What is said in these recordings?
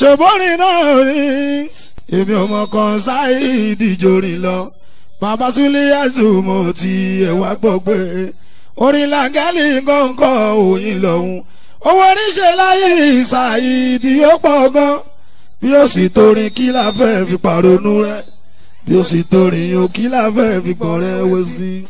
ṣòbórin náà rí èmi ọmọ kan sáì ìdíjọrin lọ bàbá súlẹ̀yàsù mo ti ẹ̀wà gbọ́ pé orin làǹgálì gọ́ǹgọ́ òyìn lọ́hùn owó oríṣẹ́ láyé ìsàìdì ó pọ̀ gan bí ó sì torin kí la fẹ́ fi pàrọ̀nù rẹ bí ó sì torin yóò kí la fi gbọ̀n rẹ wé sí i.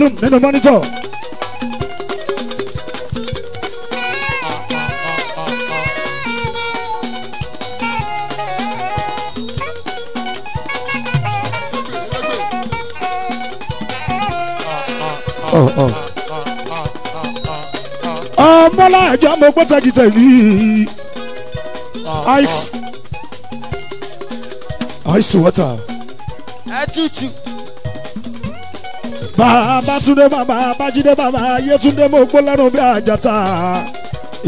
lọ́dún nínú mọ́nítọ̀. ọmọlá ẹja mo gbọ́ tẹ́gìtẹ́ yìí ice ice water. ẹ tútù bàbá túndé bàbá bájídé bàbá ayétúndé mọ̀ gbólẹ́rùn bí àjàtà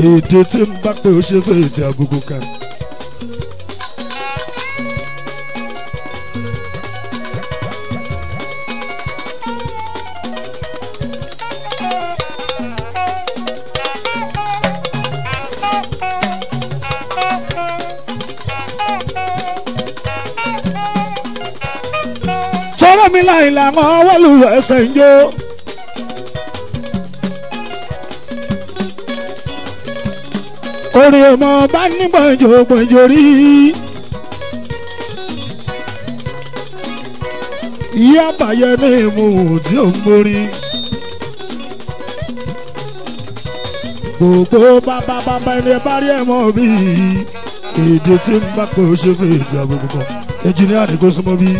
ètè tí ń bá pé ó ṣe fẹ́ ètè àbùkù kan. mi láì làmọ́ wọ́lùwẹ̀ ẹsẹ̀ ń jó. orin ọmọ bá ní gbọ̀njò gbọ̀njò rí. ìyá àbáyẹmí mu tí ó ń borí. gbogbo bàbá bàbá ẹni ẹ bá rí ẹ mọ́ bí èdè tí ń bá pé ó ṣe fèèjì àbùkù kan ẹnjìníà ni kò súnmọ́ bí.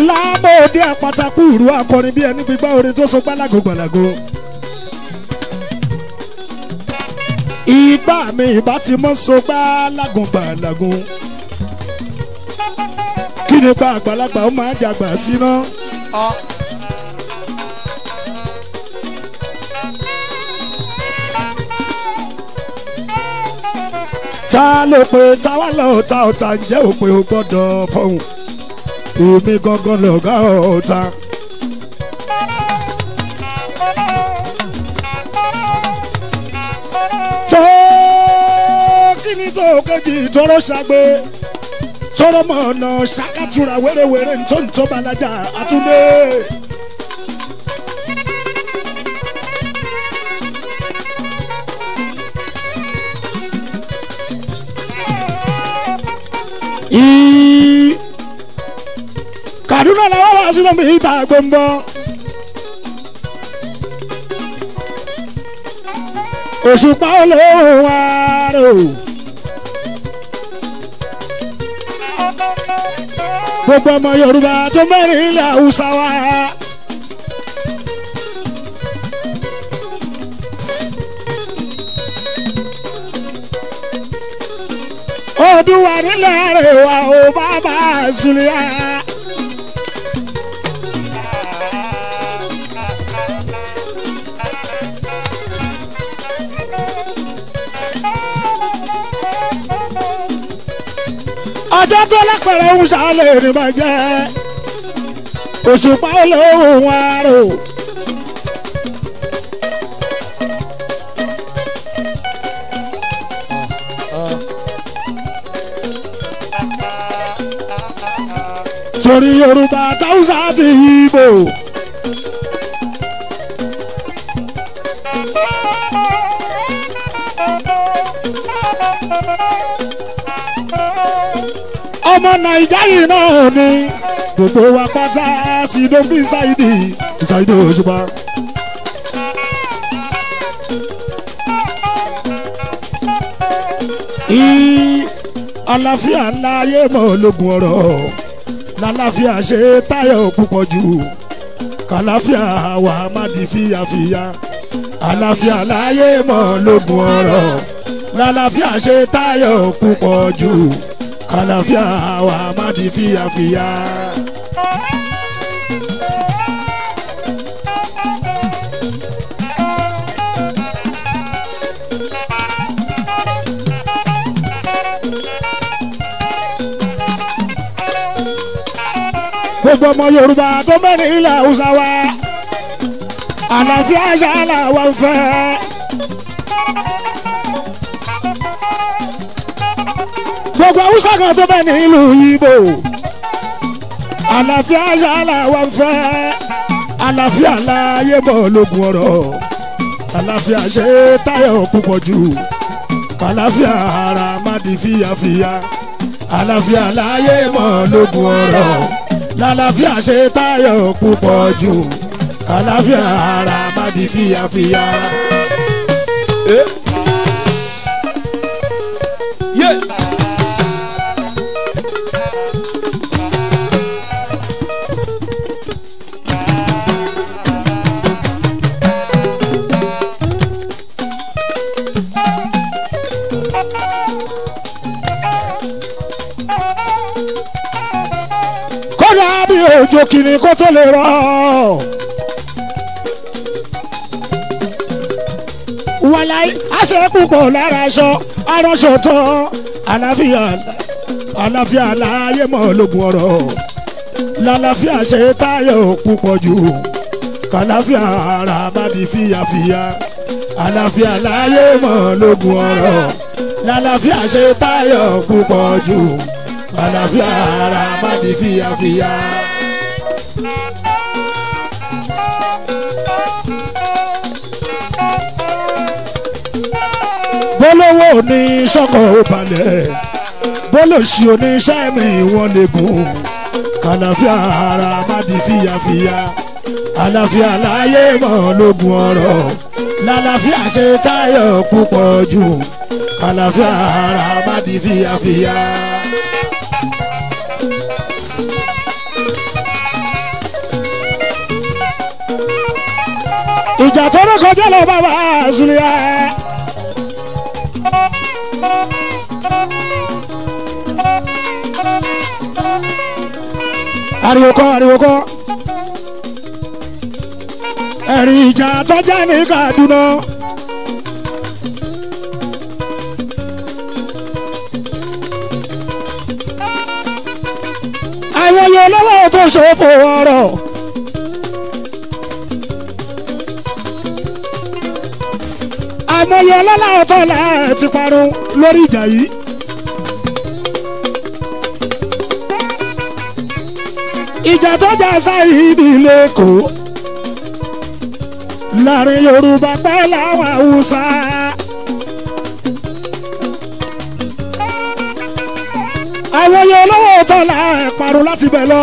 ńlá bòde àpáta kúrú akọrin bí ẹni gbígbá orin tó so gbálago gbàlago. ìgbà mi ìbá ti mọ́ so gbálagun gbàlagun. kí ni pa àgbàlagbà ó máa jàgbà síná. ta ló pe ta wá lọ ta ọ̀tá ǹjẹ́ òpè ò gbọ́dọ̀ fọ̀hún èmi gangan lọ̀gá ọ̀tá. tó kí ni tó kejì tọrọ ṣàgbé tọrọ mọ ọ̀nà ṣàkàtúrà wérewère ntọ́ntọ́ balaja àtúndé. Mm. Kaduna làwọn wala sínú mi ìta gbòǹbọ. Òṣùpá olóhùn wa rò. Gbogbo ọmọ Yorùbá tó mẹ́rin ilẹ̀ Haúsá wa. Oòduà nílẹ̀ rẹ̀ wá o bàbá Zulia. ọjọ́ tó lápẹ̀rẹ̀ ń sálẹ̀ ní bàjẹ́ òṣùpá olóhùn àrò. torí Yorùbá táwùsà ti yíbo. Thank you ọmọ nàìjà yìí náà ni gbogbo wa pátá sídó bí ṣáìdì ṣáìdì òṣùpá. àlàáfíà ńlá ayé mọ́ ológun ọ̀rọ̀ lálàáfíà ṣe táyọ̀ púpọ̀ jù kàlàáfíà wà má di fíyàfíyà àlàáfíà láyé mọ́ ológun ọ̀rọ̀ lálàáfíà ṣe táyọ̀ púpọ̀ jù àlàáfíà wa má di fíyàfíyà. gbogbo ọmọ Yorùbá tó mẹ́rin ilẹ̀ Haúsá wa àlàáfíà ṣáà làwọn fẹ́. gbogbo haúsá kan tó bẹ nílùú yíbo àlàáfíà ṣáàlà wà ń fẹ́ àlàáfíà láàyè bọ̀ lógun ọ̀rọ̀ àlàáfíà ṣe táyọ̀ púpọ̀ jù àlàáfíà ara má di fíyàfíyà àlàáfíà láàyè bọ̀ lógun ọ̀rọ̀ lálàáfíà ṣe táyọ̀ púpọ̀ jù àlàáfíà ara má di fíyàfíyà. Eh? Yeah. kìnnì kó tó lè rọ. wàláì àṣẹ púpọ̀ lára aṣọ aránṣọ tán àlàáfíà àlàáfíà láàyè mọ́ lógun ọ̀rọ̀ lálàáfíà ṣe táyọ̀ púpọ̀ jù kàlàáfíà ara bá di fia àlàáfíà láàyè mọ́ lógun ọ̀rọ̀ lálàáfíà ṣe táyọ̀ púpọ̀ jù àlàáfíà ara bá di fíyàfíyà. bólówó ní sọ́kọ̀ ó balẹ̀ bólòsì oníṣẹ́ mi wọ́n lè gùn àlàáfíà ara má di fíyàfíyà àlàáfíà láyé mọ́ lógun ọ̀rọ̀ lálàáfíà ṣe táyọ̀ púpọ̀ jù àlàáfíà ara má di fíyàfíyà. ìjà tó rẹ̀ kọjá lọ bàbá zulia. ariwo kọ́ ariwo kọ́ ẹ̀rìn ìjà tọ́jà ní Kaduna. àwọn yẹn lọ́wọ́ tó ṣòfò ọ̀rọ̀. àmọ́ yẹn lọ́wọ́ tó ti parun lórí ìjà yìí. ìjà tó jà sáyidi lẹ́kọ̀ọ́ láàrin Yorùbá pẹ́ láwọn Haúsá. àwọn yẹn olówó tọ́lá ẹ̀ parun láti bẹ̀ lọ.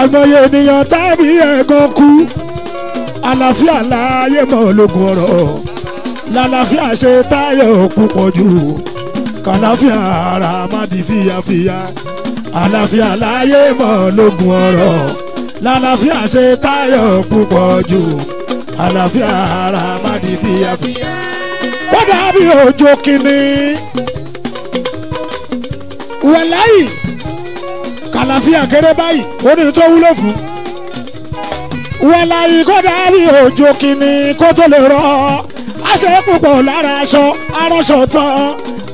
àgbọ̀yé ènìyàn tábí ẹ̀gàn kú àlàáfíà láàyè mọ́ ológun ọ̀rọ̀ lálàáfíà ṣe táyọ̀ púpọ̀ jù kàláfíà ara má di fíyàfíyà àlàáfíà láyé mọ̀ lógun ọ̀rọ̀ lálàáfíà ṣe táyọ̀ púpọ̀ jù àlàáfíà ara má di fíyàfíyà. kódà bí ọjọ́ kìíní wàláyì kàlàfíà kéré báyìí ó ní tó wúlò fún wàláyì kódà bí ọjọ́ kìíní kó tó lè rọ́ aṣọ púpọ̀ lára aṣọ aránṣọ tán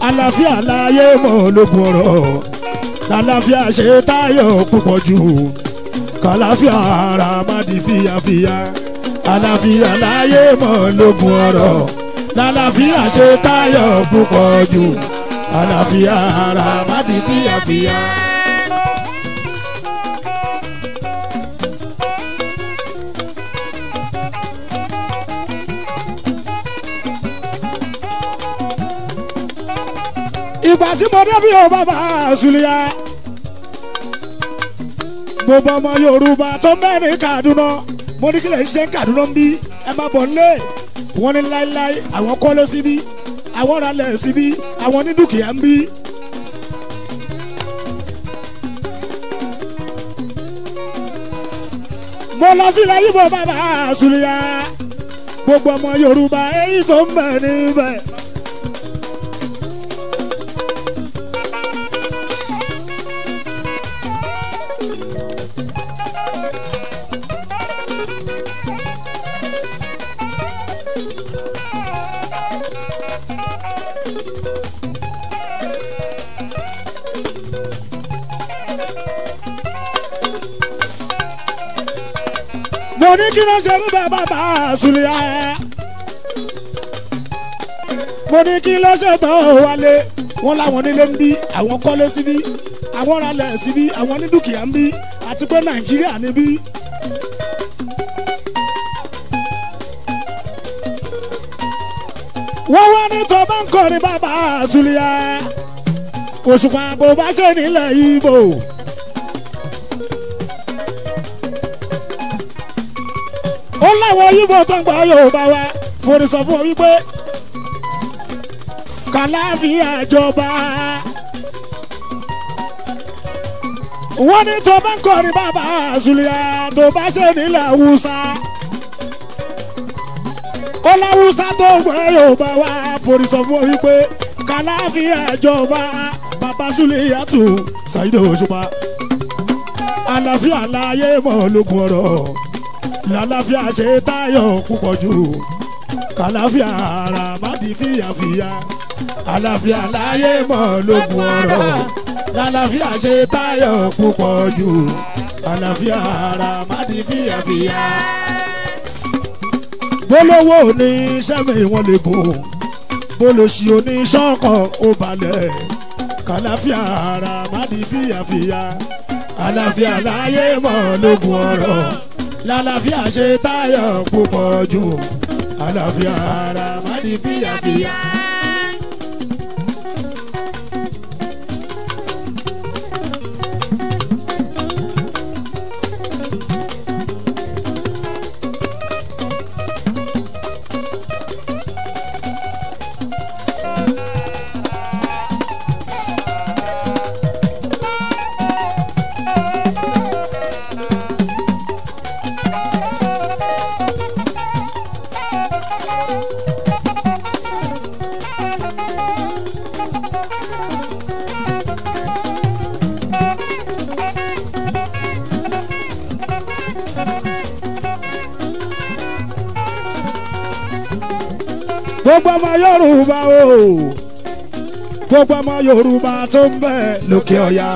àlàáfíà láyé mọ̀ lókun ọ̀rọ̀ lálàáfíà ṣe táyọ̀ púpọ̀ jù kàlàáfíà ara má di fíyàfíyà àlàáfíà láyé mọ̀ lókun ọ̀rọ̀ lálàáfíà ṣe táyọ̀ púpọ̀ jù àlàáfíà ara má di fíyàfíyà. ìgbà tí mo débi o bàbá àṣùlíyà gbogbo ọmọ Yorùbá tó mẹ́rin Kaduna mo ní kí lè ṣe ń Kaduna ń bí ẹ má bọ̀ nílé wọ́n ní láéláé àwọn kọ́lé síbí àwọn ralẹ̀ síbí àwọn ní dúkìá ń bí. mo lọ sílẹ̀ yìí mo bàbá àṣùlíyà gbogbo ọmọ Yorùbá èyí tó ń bẹ níbẹ̀. ní kí ló ṣe fún bàbá bá a sùlẹ̀ yá. mo ní kí ló ṣe tán wálé wọn láwọn nílé ń bí àwọn kọ́lé síbí àwọn ralẹ̀ síbí àwọn ní dúkìá ń bí àti pé nàìjíríà níbí. wọ́n wá ní tó bá ń kọrin bàbá a sùlẹ̀ yá. òṣùpá bò bá ṣe nílẹ̀ ibo. ó láwọn yíbo tó ń gba yorùbá wa forísọ fún ọ wípé kàláfíà jọba wọ́n ní tó bá ń kọrin bàbá àṣùlùyà tó bá ṣe nílẹ̀ haúsá ó láwùsá tó ń gbọ́ yorùbá wa forísọ fún ọ wípé kàláfíà jọba bàbá ṣùlùyà tù ṣàyídẹ̀ òṣùpá àlàáfíà láyé mọ́ ológun ọ̀rọ̀ lálàáfíà ṣe táyọ̀ púpọ̀ jù kàláfíà ara má di fìyàfìyà àlàáfíà láyé mọ́ lógun ọ̀rọ̀ lálàáfíà ṣe táyọ̀ púpọ̀ jù àlàáfíà ara má di fìyàfìyà. bólówó ní sẹ́mi wọn lè bò bólóṣì oníṣọ́kọ̀ ó balẹ̀ kàláfíà ara má di fìyàfìyà àlàáfíà láyé mọ́ lógun ọ̀rọ̀ lálàáfíà ṣe táyọ̀ púpọ̀ jù àlàáfíà ara má di fíyàfíyà. ọmọ Yorùbá o gbogbo ọmọ Yorùbá tó ń bẹ lókè ọ̀yà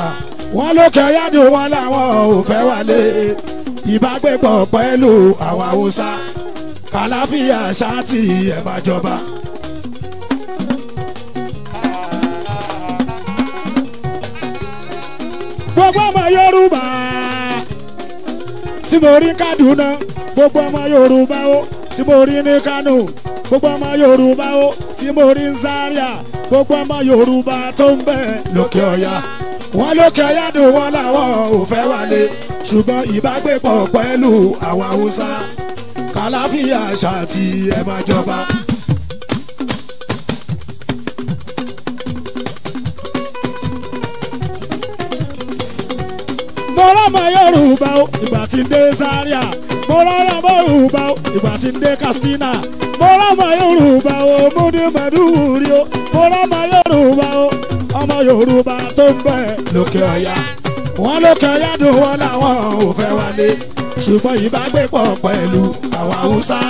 wọn lókè ọ̀yà dùn wọn làwọn ò fẹ́ wálé ìbágbépọ̀ pẹ̀lú àwọn Haúsá kàláfíà ṣáàtì ẹ̀ bá jọba. gbogbo ọmọ Yorùbá tí mo rí Kaduna gbogbo ọmọ Yorùbá o tí mo rí ní Kano gbogbo ọmọ Yorùbá ó tí mo ń Zaria gbogbo ọmọ Yorùbá tó ń bẹ lókè ọ̀yà wọn lókè ọ̀yà dùn wọn làwọn ò fẹ́ wálé ṣùgbọ́n ìbágbépọ̀ pẹ̀lú àwọn Haúsá kàláfíà ṣàtì ẹ̀ máa jọba. bọ́lá Yorùbá ó ìgbà tí ń dé Zaria mo rárá mọ́ Yorùbá o ìgbà tí ń dé Katsina mo rámọ Yorùbá o mo ní Maiduguri o mo rámọ Yorùbá o ọmọ Yorùbá tó ń bẹ lókè ọ̀yà wọn lókè ọ̀yà dùn wọn làwọn ò fẹ́ wálé ṣùgbọ́n ìbágbépọ̀ pẹ̀lú àwọn Haúsá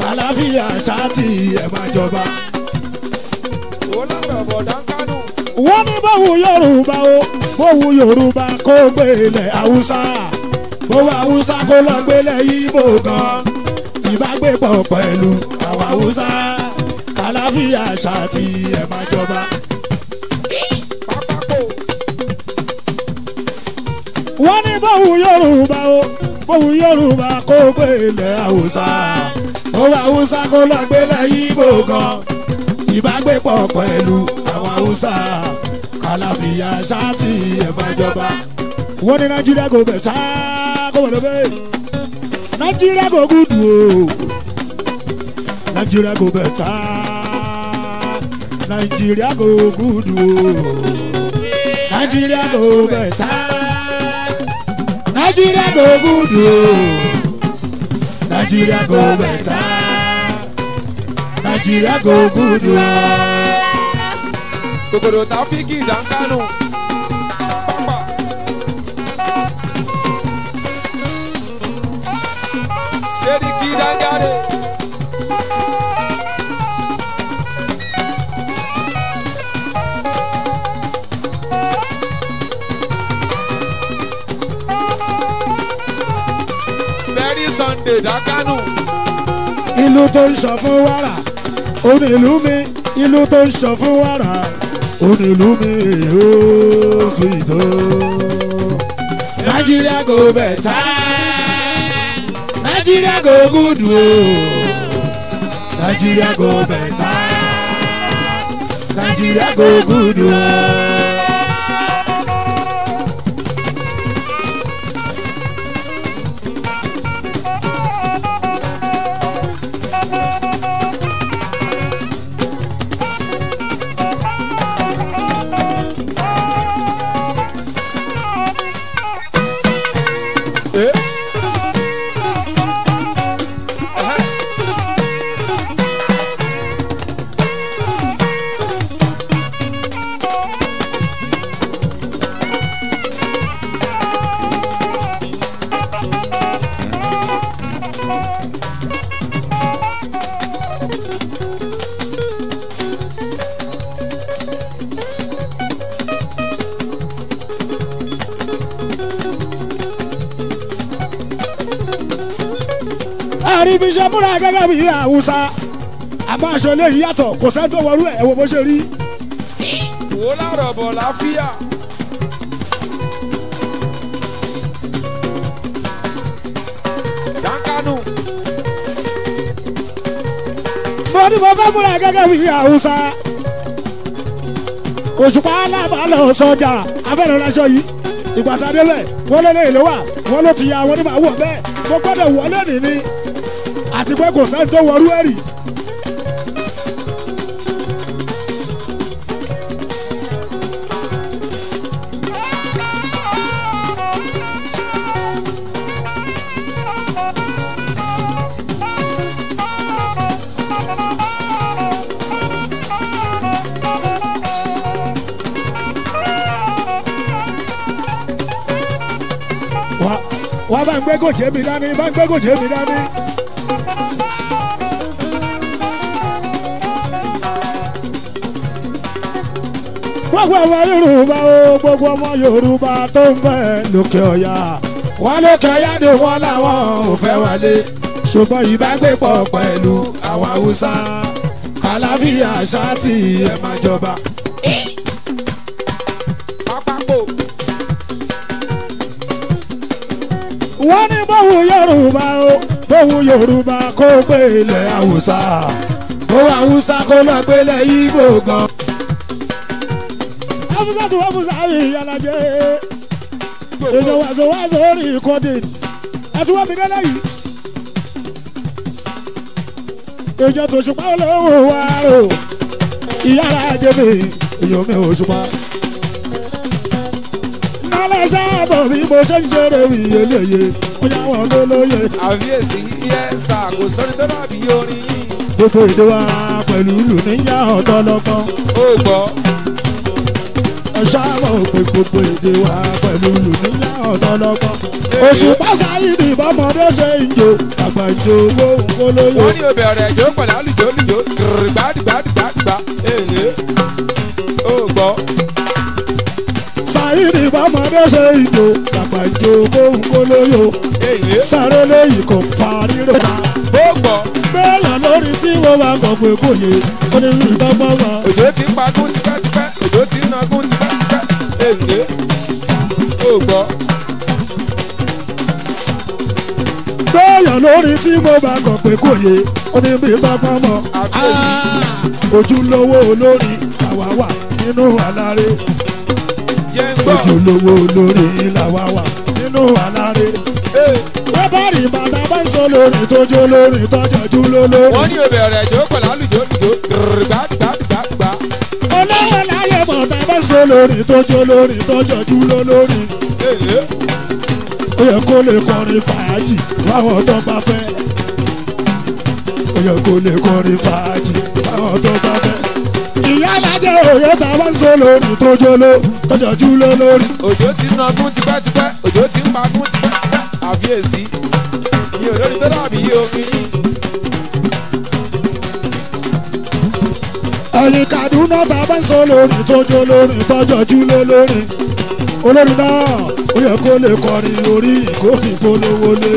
kàláfíà ṣáàtì ẹ̀ máa jọba. wọ́n lọ́rọ̀ bọ̀dá wọ́n ní báwo Yorùbá o báwo Yorùbá kó gbé ilẹ̀ Haúsá bó wa haúsá kó lọ gbélé ibo gan ìbágbépọ̀ pẹ̀lú àwọn haúsá àlàáfíà ṣáàtì ẹ̀ máa jọba. wọ́n ní bóun yorùbá o bóun yorùbá kó gbélé haúsá bó wa haúsá kó lọ gbélé ibo gan ìbágbépọ̀ pẹ̀lú àwọn haúsá àlàáfíà ṣáàtì ẹ̀ jọba. wọ́n ní nàìjíríà kò bẹ̀ tá kò wẹ̀rẹ̀ bẹ́ẹ̀. Nàìjíríà kò gùdù o. Nàìjíríà kò bẹ̀tà. Nàìjíríà kò gùdù o. Nàìjíríà kò bẹ̀tà. Nàìjíríà kò gùdù o. Nàìjíríà kò bẹ̀tà. Nàìjíríà kò gùdù o. Kòkòrò tá a ìlú tó ń sọ fún wàrà òun ìlú mi ìlú tó ń sọ fún wàrà òun ìlú mi yóò fi tó. nàìjíríà go bẹ̀tà nàìjíríà go gúdù o nàìjíríà go bẹ̀tà nàìjíríà go gúdù o. aṣọ eléyìí yàtọ̀ kò sẹ́ni tó wọrú ẹ̀ wò bó ṣe rí. wò lárọ̀ bọ̀ láfíà. dankanu. mo ní mo fẹ́ múra gẹ́gẹ́ bí Haúsá òṣùpá alábàálẹ̀ ọ̀sọ́jà abẹ́rẹ́ ránṣọ yìí ìgbà tá a débẹ̀ wọ́n lé lé ìlú wọ́n ló ti ya wọ́n ní màá wọ̀ bẹ́ẹ̀ mo gbọ́dọ̀ wọlé nìní àti pé kò sẹ́ni tó wọrú ẹ̀rì. bá ń gbé gòjé mi dání bá ń gbé gòjé mi dání. gbogbo ọmọ Yorùbá o gbogbo ọmọ Yorùbá tó ń bẹ lókè ọ̀yà wọn lókè ọ̀yà ni wọn làwọn ò fẹ́ wálé ṣùgbọ́n ìbágbépọ̀ pẹ̀lú àwọn Haúsá kàlàfíà ṣáàtì ẹ̀ máa jọba. wọ́n ní bóhùn yorùbá o bóhùn yorùbá kó gbé ilẹ̀ haúsá bóhùn haúsá kó lọ gbé ilẹ̀ Ìgbò gan. haúsá tó haúsá yìí yàlájẹ́ èdè wàzọ wàzọ orí ìkọ́dé àti wọ́n mi dẹ́lẹ́ yìí. èjọ tó ṣùpá olówó wa o ìyára jẹ́ mi èyí ò máa ṣáàbọ̀ bí mo ṣe ń ṣeré mi eléyè mo yá wọn ló lóye. àfiyèsí yẹ sà kò sórí tó dàbí orin. gbogbo èdè wa pẹ̀lú ìlú níyà ọ̀tọ̀ lọ́kọ́. ó gbọ́. ṣáàbọ̀ pé gbogbo èdè wa pẹ̀lú ìlú níyà ọ̀tọ̀ lọ́kọ́. oṣù pásá ìdì ìbámọdé ṣe ń jó àgbà ìjó gbogbo lóye. wọ́n ní obìnrin rẹ̀ jó pẹ̀lú àlùjó lùjó gbàdúgbàdúgbàdúgbà ó gbọ́ ní bàmọ́dé ṣe ìjò bàbá ìjò kóhùn kó lóyò sáré léyìí kò fa rírò. ó gbọ́. bẹ́ẹ̀ là lórí tí wọ́n wá gbọ̀ pé kò yé ó ní rí bàbá wa. òjò ti ń pagún tipẹ́tipẹ́ òjò ti ń nagún tipẹ́tipẹ́ èlé ó gbọ́. bẹ́ẹ̀ là lórí tí wọ́n wá gbọ̀ pé kò yé ó ní rí bàbá wa. ojúlówó olórí àwa wà nínú àlàré ojúlówó olórí làwa wà nínú aláre. wọ́n bá rí bàtà bá ń sọ lórí tójú lórí tọ́jọ́jú lóló. wọ́n ní obìnrin rẹ̀ jókòó lálùjọ́ lùjọ́ gbàgbàgbà. olówó láyé bàtà bá ń sọ lórí tójú lórí tọ́jọ́jú lólórí. ó yẹ kó lè kọrin fàájì láwọn tó bá fẹ́. ó yẹ kó lè kọrin fàájì láwọn tó bá fẹ́. ìyá alájẹ òjò tá a bá ń sọ lórí tó jóló tọjọ jú ló lórí. òjò ti ń nagún tipẹ́tipẹ́ òjò ti ń magún tipẹ́tipẹ́ àbíyèsí ni olórí tó dàbí omi yìí. ẹ̀yin Kaduna tá a bá ń sọ lórí tó jóló tọjọ jú ló lórí olórí náà ó yẹ kó lè kọrin orí ìkófin polówó lé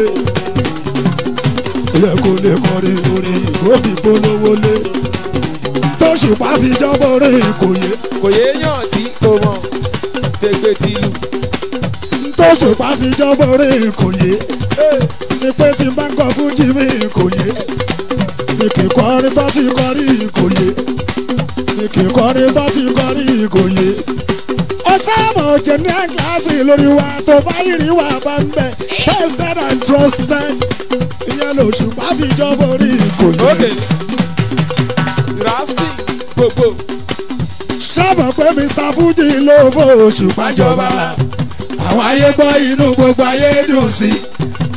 ó yẹ kó lè kọrin orí ìkófin polówó lé òṣùpá fi jọ́bọ̀ rìn kòyé. kòyé yàn tí kò mọ̀ tẹgbẹ́ ti lù. ntòṣùpá fi jọ́bọ̀ rìn kòyé. ni pé tí bá ń kọ fújì mi kòyé. ni kì í kọrin tó ti kọrí kòyé. ni kì í kọrin tó ti kọrí kòyé. ó sábà jẹ ní àgíláàsì lórí wa tó bá yìrì wà bá ń bẹ tested and trusted ìyẹn lòṣùpá fi jọ́bọ̀ rìn kòyé gbogbo. sábà pé Mr Fuji ló fòṣù pàjọba àwọn ayé gbọ́ inú gbogbo ayé dùn sí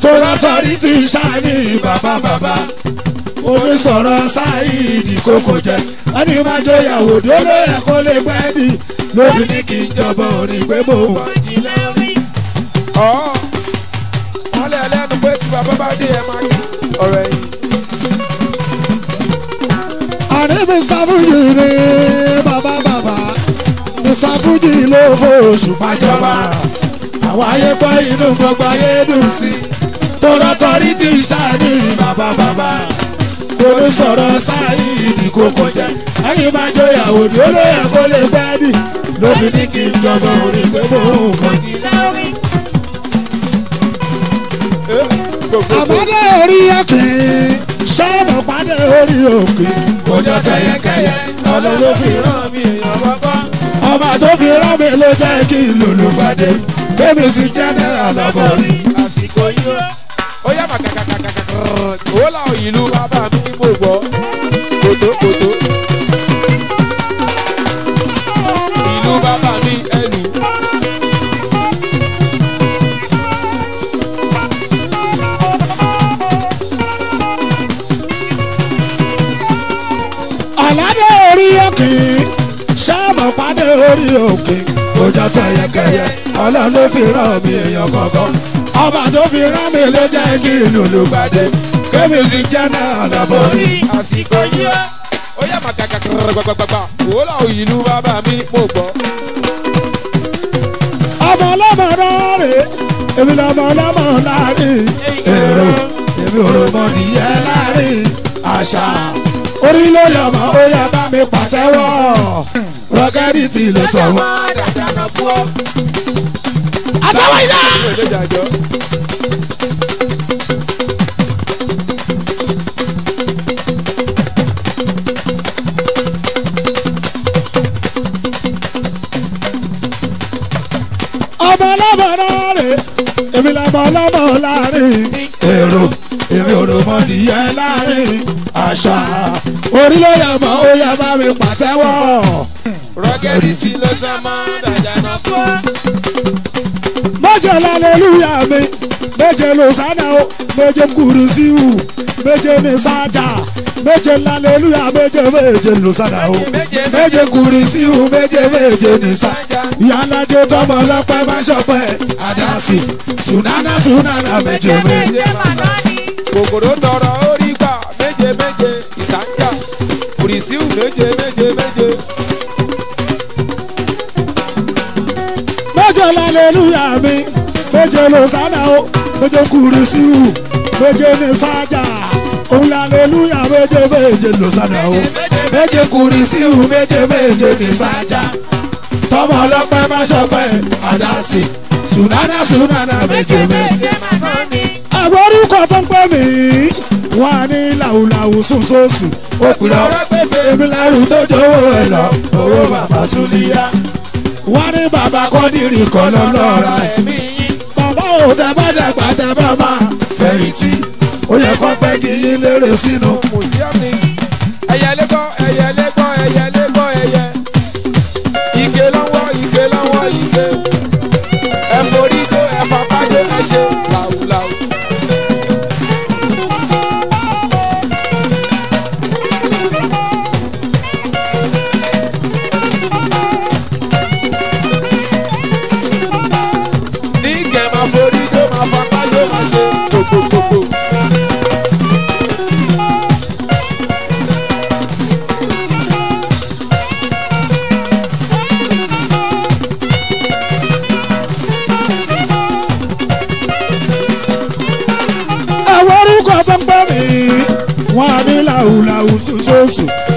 tọ́lá tọ́rí ti ṣáàní bàbá bàbá onísọ̀rọ̀ Saheed kókó jẹ ẹni máa jọyàwó dóló ẹ̀kọ́ lè pẹ́ ni ló fi ní kí jọba orin pé mo wà. ọ̀ọ́ wọ́n lé ẹlẹ́nu pé tí bàbá bá dé ẹ̀ máa kí ọ̀rọ̀ ẹ̀yìn. Mr. Fuji ni bàbá bàbá Mr. Fuji ló fòṣù pàjọba àwọn ayé gbọ́ inú gbogbo ayé dùn sí tọ́rọ tọ́rí tí ìṣàní bàbá bàbá kòló sọ̀rọ̀ sáyé ìdìkò kọjá ẹ̀yìn máa jọyà òdì olóyè kó lè gbẹ́ nì ló ní kí n jọba orin pé mò ń kọ́ àbádé orí ẹ̀kẹ́ pàdé orí òkè. kòjọ tẹyẹkẹyẹ ọlọ ló fi rán mi èèyàn bọ́bọ́. ọba tó fi rán mi ló jẹ́ kí lòlùpàdé bébí sí jẹ́nẹ́rà lọ́bọ̀ rí. àsìkò yìí rẹ̀ ó yá màkàkàkàkàkà òwò làwọn ìlú mi kò gbọ́ kòtòkòtò. lórí òkè kọjá tán yẹkẹyẹ ọlọ́run ló fi rán mi èèyàn kọ̀ọ̀kan ọba tó fi rán mi ló jẹ́ kí ìlú ló gbàdé kébì sí jẹ́nà àdàbọ̀ rí àsìkò yìí ó ó yà má gàgàgàgàgbàgbàgbà wò láwọn ìlú bàbá mi mo gbọ́. ọmọ ọlọ́mọ náà rè èmi lọ́mọ ọlọ́mọ láàrin èrò èmi ò rògbò nìyẹn láàrin àṣà orí ló yọ̀ mọ́ ó yà bá mi pàtẹ́wọ́ rọ́kẹ́rìtì ló sọ wọ́n. àtàwọn ilé. ọmọ ọlọ́mọ náà rè èmi lọ́mọ ọlọ́mọ láàrin èrò èmi ò rò mọ́ dìyẹ láàrin àṣà orílẹ̀ yàmọ̀ ó yà mi pàtẹ́wọ́ security ló sọ mọ́ dàjà náà kú. méje lálẹ́lúyà mi méje ló sánà o méje kúrú sí wù méje ní sájà méje lálẹ́lúyà méje méje ló sánà o méje kúrú sí wù méje méje ní sájà. ìyálàjẹ tọmọ ọlọpẹ má àdásì sùnánà sùnánà méje méje. kòkòrò tọrọ ó hallelujah mi méje ló sádà ó méje kúrú síwù méje ní sájà òun hallelujah méje méje ló sádà ó méje kúrú síwù méje méje ní sájà tọmọ ọlọpẹ má ṣọpẹ àdásì sùnánà sùnánà méje méje má bọ mi. àbórúkọ tó ń pè mí wọn á ní làwùlàwù sùn sóòsì ó pìlọ èmi lẹ́rù tó jọ̀wọ́ ẹ̀ lọ owó bàbá súlíyá wọ́n ní bàbá kọ́dìrì kọ́ lọ lọ́ra ẹ̀mí yín. bàbá ò tẹ bá dàgbà tẹ bá máa fẹ̀yìntì ó yẹ kó pẹ́ kí yín lérè sínú. mùsíọ̀mù ni ẹ̀yà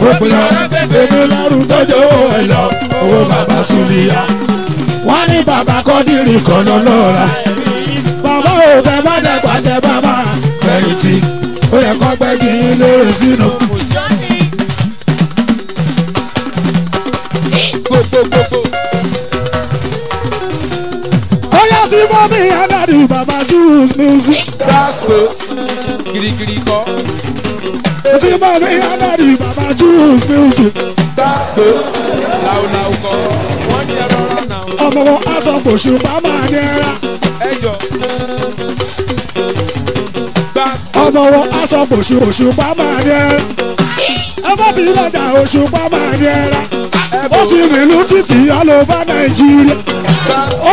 òpinna èmi lọ́rùn tọ́jú owó ẹ̀ lọ owó bàbá súnmíyá. wọ́n ní bàbá kọ́dìrì kan lọ́lọ́ra. bàbá ò tẹ bá dàgbà tẹ bàbá fẹ̀yìntì ó yẹ kó gbẹ́gi yín lóore sínú. bóyá tí mọ́mí adadu bàbá choose music. gospel kirikiri kọ́. Ètí máa ní Adari bàbá Júwùs music. Dáàsì làwùlàwù kọ, wọ́n ní ẹ̀rọ rán náà. Ọmọ wọn aṣọ kò ṣùgbọ́n máa ní ẹ̀rá. Ẹ jọ. Ọmọ wọn aṣọ kò ṣùgbọ́n máa ní ẹ̀rá. Ẹ bá ti lọ́jà òṣùpá máa ní ẹ̀rá. Ó ti rìnlú títì ọlọ́ba Nàìjíríà.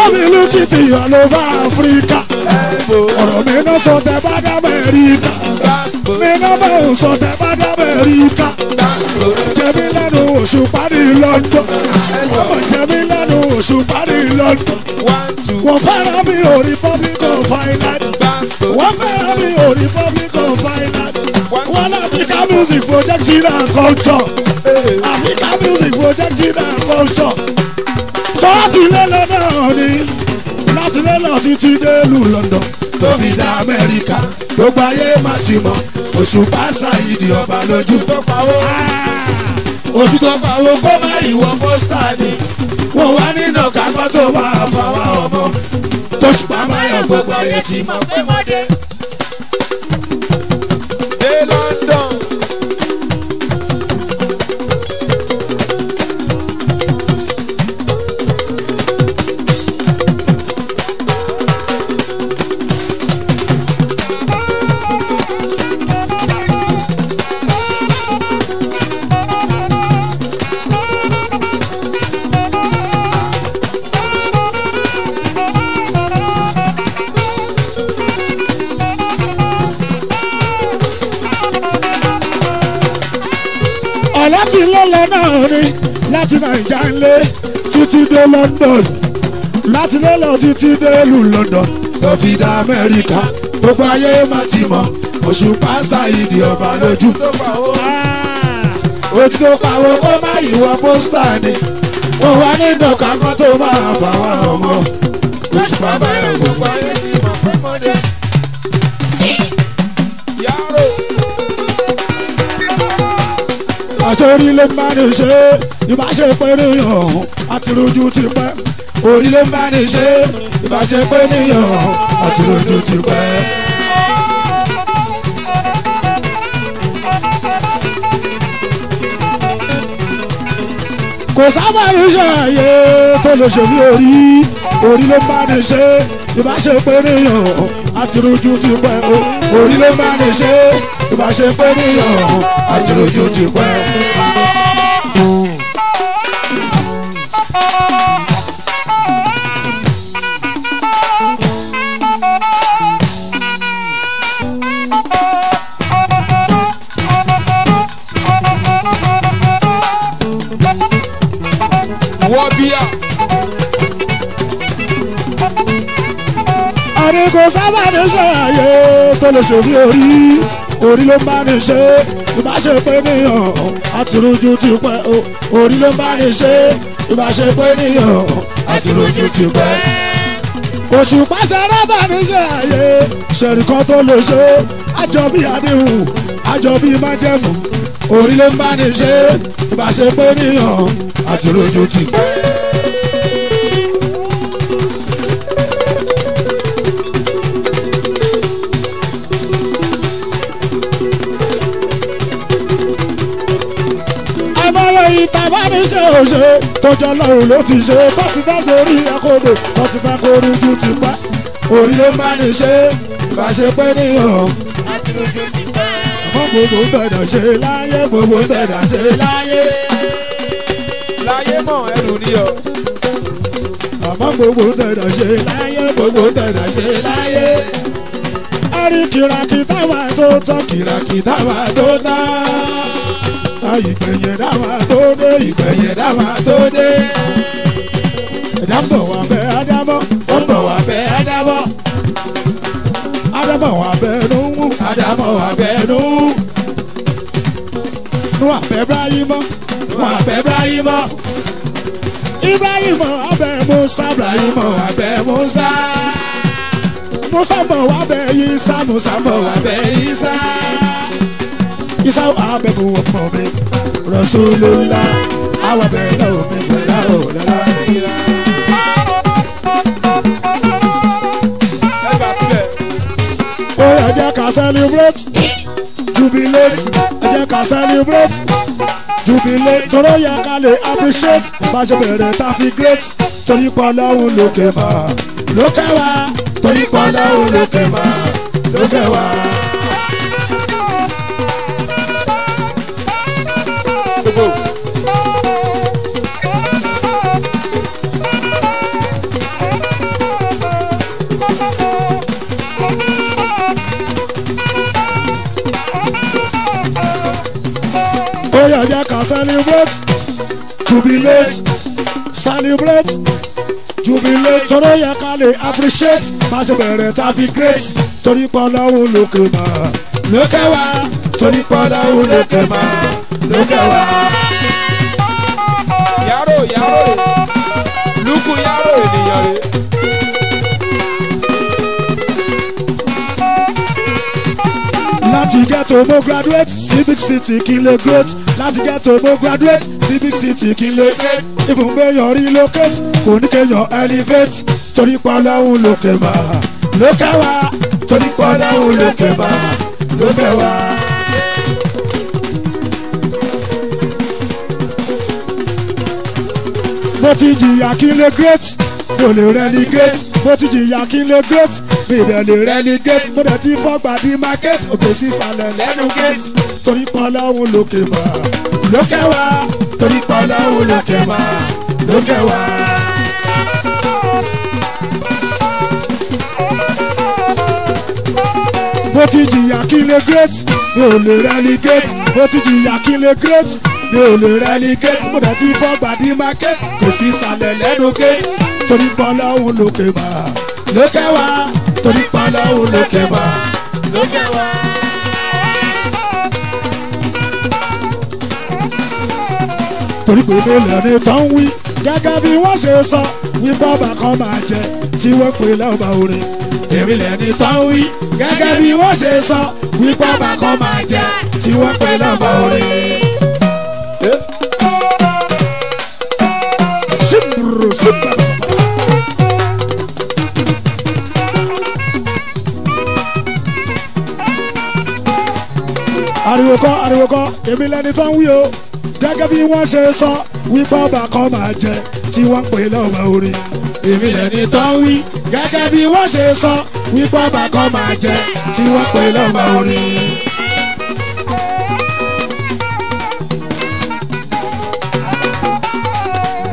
Ó rìnlú títì ọlọ́ba Áfíríkà. Ọ̀rọ̀ mi náà sọ tẹ bá dá Amẹ́ríkà ẹgbẹ́ òsàn tẹ bá dá Amẹ́ríkà jẹ̀mí lẹ́nu oṣù parí London jẹ̀mí lẹ́nu oṣù parí London wọ́n fẹ́ràn mi ò Republic of Ireland wọ́n fẹ́ràn mi ò Republic of Ireland wọ́n Africa music project and culture Africa music project and culture tọ́ọ̀tì lẹ́lọ́dọ̀ ni láti lẹ́lọ́ títí dé ìlú London tó fi dá amẹ́ríkà gbogbo ayé má ti mọ̀ òṣùpá ṣàyídì ọba lójú tó pawó ojú tó pawó ah, kó má ìwọ pósítà ni wọn wá nínà kápá tó wà fáwọn ọmọ tó ṣùpá máyọ gbogbo ayé ti mọ̀ pé mọ́ dé. ní láti nàìjà ńlé títí dé London láti lọ́lọ́ títí dé ìlú London lọ fi dá Amẹ́ríkà gbogbo ayé má ti mọ̀ Òṣùpá Sáìdì ọba lójú tó pa ó ojú tó pa ó ó má yíwọ pósítà ni wọn wá ní dọ̀kà kan tó máa fà wá ọmọ Òṣùpá báyọ̀ gbogbo ayé. àṣírí ló ń bá ní ṣe ìbáṣe pé níyàn àtìrójú ti pẹ́ orí ló ń bá ní ṣe ìbáṣe pé níyàn àtìrójú ti pẹ́. kò sábà iṣẹ́ ayé tó lè ṣe ní orí orí ló bá ní ṣe ìbáṣepẹ́ àti rojú ti pẹ́ orí ló ṣe ìbá ṣe pé níyàn àti rojú ti pẹ́. àní sábà ní sọ̀rọ̀ ayé tó lè ṣòfin orí orí ló bá ní ṣe ìbá ṣe pé nìyàn àtìrújú ti pẹ́ o orí ló bá ní ṣe ìbá ṣe pé nìyàn àtìrújú ti pẹ́. òṣùpá ṣẹlẹ̀ bá mi ṣe àyè ṣẹ̀rì kan tó lè ṣe àjọ bí àdéhùn àjọ bí májẹ̀mú orí ló bá ní ṣe ìbá ṣe pé nìyàn àtìrújú ti pẹ́. oníṣẹ́ òṣè kọjá lọ́rùn ló ti ṣe tó ti fẹ́ gorí akodo tó ti fẹ́ gorí ju ti pẹ́ orí ló má ní ṣe bá ṣe pẹ́ níhàn. àmọ́ gbogbo tẹ̀dọ̀ ṣe láyé gbogbo tẹ̀dọ̀ ṣe láyé láyé mọ̀ ẹrù ni o. àmọ́ gbogbo tẹ̀dọ̀ ṣe láyé gbogbo tẹ̀dọ̀ ṣe láyé. a rí kìràkìtà wa tó tán kìràkìtà wa tó tán ìgbẹ̀yìn ẹ̀dá máa tó dé ìgbẹ̀yìn ẹ̀dá máa tó dé. ẹ̀dá ń bọ̀ wá bẹ́ ádámọ́ ó ń bọ̀ wá bẹ́ ádámọ́ ádámọ́ wá bẹ́ nùwù ádámọ́ wá bẹ́ nùwù nù àbẹ́ bráyìmọ́ nù àbẹ́ bráyìmọ́ ibrahima abẹ́ musa ibrahima abẹ́ musa musa bọ̀ wá bẹ́ yisa musa bọ̀ wá bẹ́ yisa isa abẹ́bù ọmọ mi Rasulullah àwọn abẹ́lá omi pẹ̀lá òlàlá nira. ó yẹ ká celebrate jubilate ẹ jẹ́ ká celebrate jubilate tọ́rọ yẹ ká lè appreciate bá ṣe bẹ̀rẹ̀ tá a fi great torí pọ̀ lọ́hùn lókè máa lókè wá torí pọ̀ lọ́hùn lókè máa lókè wá. can celebrate, jubilate, celebrate, jubilate. Tọ́lọ́ yẹ ká lè appreciate, má ṣe bẹ̀rẹ̀ tá a fi great. Torí pọ́nlá wo lókè máa, lókè wá. Torí pọ́nlá wo lókè máa, lókè wá. Yàrá yàrá lùkù yàrá ènìyàn rẹ̀. láti ghetto mo graduate sí city kí n lè great láti ghetto mo graduate sí big city kí n lè great ìfúnpéyàn relocate kò ní kéèyàn elevate torí pọ́lọ́hún lókè mà lókè wá torí pọ́lọ́hún lókè mà lókè wá. mo ti jìyà kí n lè great mo lè relegate mo ti jìyà kí n lè great mílíọ̀nù rẹ ní gate mo dẹ̀ ti fọ́gbà ní market òkè sísàlẹ̀ lẹ́nu gate torí pọ́n lọ́hùn lókè wá lókè wá torí pọ́n lọ́hùn lókè wá lókè wá. mo ti jìyà kí lè great mi ò lè relegate mo ti jìyà kí lè great mi ò lè relegate mo dẹ̀ ti fọ́gbà ní market kò sí ìsàlẹ̀ lẹ́nu gate torí pọ́n lọ́hùn lókè wá lókè wá torí pálọ̀ òun ló kẹ́ wa. ló kẹ́ wa. torí gbogbo lẹ́ni tó ń wí gẹ́gẹ́ bí wọ́n ṣe sọ wí bọ́ọ̀bà kan máa jẹ tí wọ́n pè lọ́ba orin. èmi lẹ́ni tó wí gẹ́gẹ́ bí wọ́n ṣe sọ wí bọ́ọ̀bà kan máa jẹ tí wọ́n pè lọ́ba orin. Eh? Super. ariwo kọ́ ariwo kọ́ èmi lẹni tó ń wí o gẹ́gẹ́ bí wọ́n ṣe sọ wípé ọba kan máa jẹ tí wọ́n pè lọ́ba orin. èmi lẹni tó ń wí gẹ́gẹ́ bí wọ́n ṣe sọ wípé ọba kan máa jẹ tí wọ́n pè lọ́ba orin.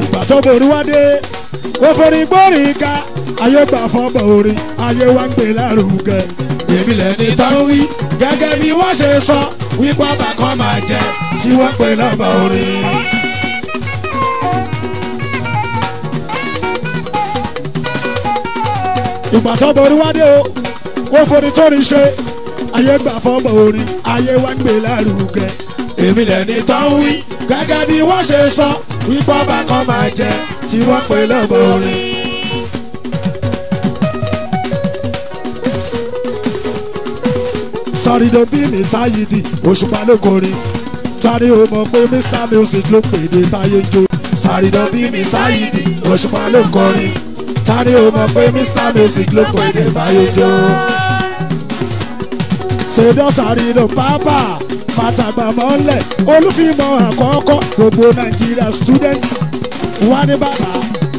ìgbà tó borí wá dé ó forí gbórí ká ayé gbà fọ́bọ̀ orin ayé wá ń gbé lárugẹ. èmi lẹni tó wí gẹ́gẹ́ bí wọ́n ṣe sọ wípé ọba kan máa jẹ tí wọ́n pè lọ́ba orin. ìgbà tó borí wá dé o wọ́n forí tóri ṣe ayé gbà fọ́mọ orin ayé wá ń gbé lárugẹ èmi lẹ́ni tó ń wí gẹ́gẹ́ bí wọ́n ṣe sọ wípé ọba kan máa jẹ tí wọ́n pè lọ́ba orin. sọrí dobi ní sáyidi òṣùpá ló kọrin sáré o mọ̀ pé mr music ló pèdè táyé jó sáré dobi ní sáyidi òṣùpá ló kọrin sáré o mọ̀ pé mr music ló pèdè táyé jó. sèdó sáré ló pápá pàtàgbà mọ́lẹ̀ olúfimọ̀ àkọ́kọ́ gbogbo nàìjíríà students wá ní bàbá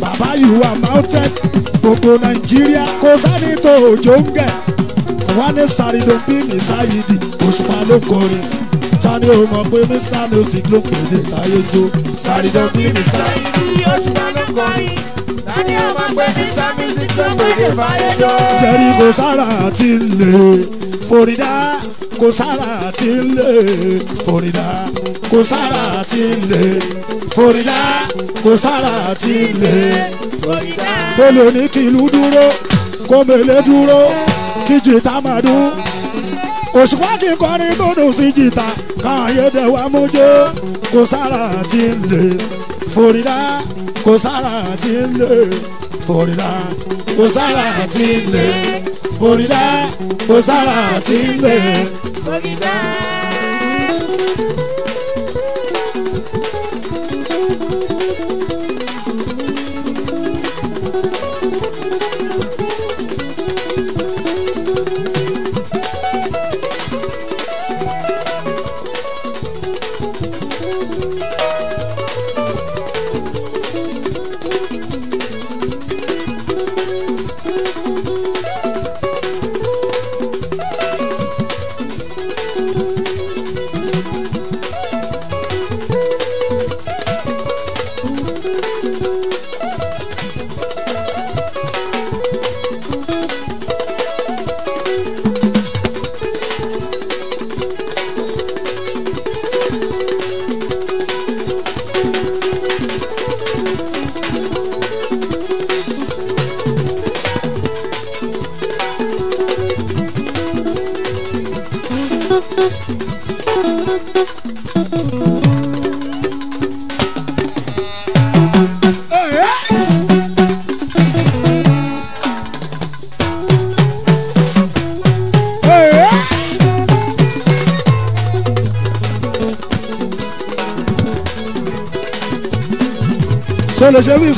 bàbá yìí wà mounted gbogbo nàìjíríà kò sáré tó òjò ń gẹ̀ wọ́n ní sàrídò bí mi sáyidi òṣùpá ló kọrin tani o mọ̀ pé mr music ló pèdè táyé jó sàrídò bí mi sáyidi òṣùpá ló kọrin tani o mọ̀ pé mr music ló pèdè táyé jó. sẹ́rí kò sára àti lè forídá kò sára àti lè forídá kò sára àti lè forídá kò sára àti lè forídá. kó ní kí dúró kó mèlé dúró kí jìtá máa dún òṣùpá kì í kọrin tó dùn sí jìtá káyédèwà mújó kò sára àti ńlẹ fòrìdá kò sára àti ńlẹ fòrìdá kò sára àti ńlẹ fòrìdá kò sára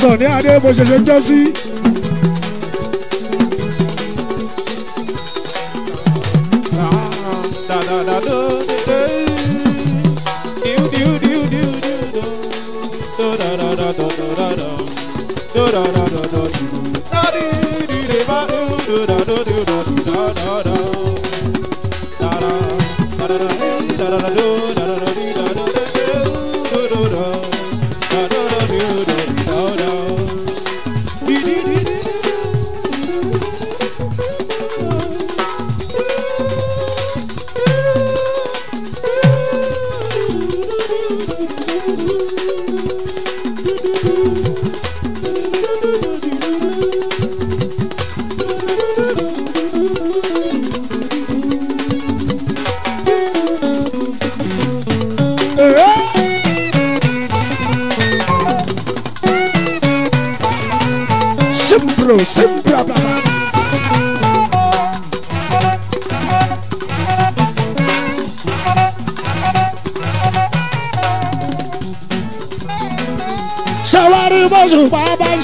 Sọ̀ní Adé bó ṣe ṣe ń jọ́ sí.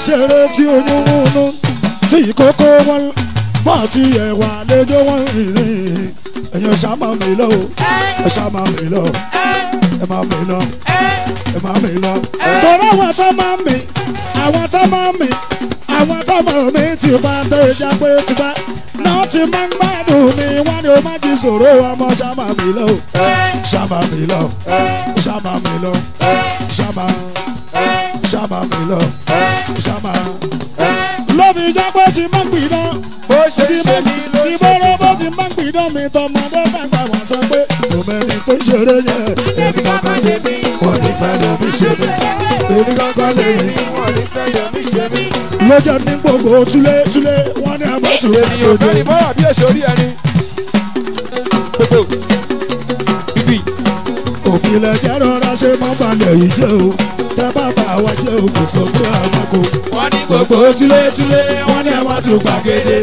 ṣeré tí ojú múnú tí kókó wọn mọ̀ tí ẹ̀wà lẹ́jọ́ wọn ìrìn ẹ̀yin ọ̀ṣà máa mi lọ o ọ̀ṣà máa mi lọ ẹ máa mi lọ ẹ máa mi lọ. tọ́lá àwọn tó máa mi àwọn tó máa mi àwọn tó máa mi ti bá tó ìjà pé ti bá náà ti máa ń gbádùn mi wọ́n ní o máa ti sọ̀rọ̀ ọmọ ṣá mi lọ o mi lọ o mi lọ ṣá mi lọ ti jẹ́ pé ti máa ń pidán. bó ṣe ṣe mí ló ṣe mí. ti bọ́rọ̀ bó ti máa ń pidán mi tọmọdé tàgbà wá sọ pé òmẹ́ni tó ń ṣeré yẹn. èmi kankan lè mi. wọ́n ti fẹ́ lè mi ṣe mí. èmi kankan lè mi. wọ́n ti fẹ́ lè mi ṣe mí. lọ́jọ́ ní gbogbo túlé túlé wọ́n ní àbá túlé ní ojú. èmi ò fẹ́ ni bọ́rọ̀ bí èso rí ẹni. bíbí. òkìlẹ̀ jẹ́rọ̀ra ṣe máa balẹ̀ yìí àwa jẹ́ òkú sọ pé àwa kò. wọ́n ní gbogbo túlétúlé wọ́n ní ẹ̀wọ̀n tún gbàgede.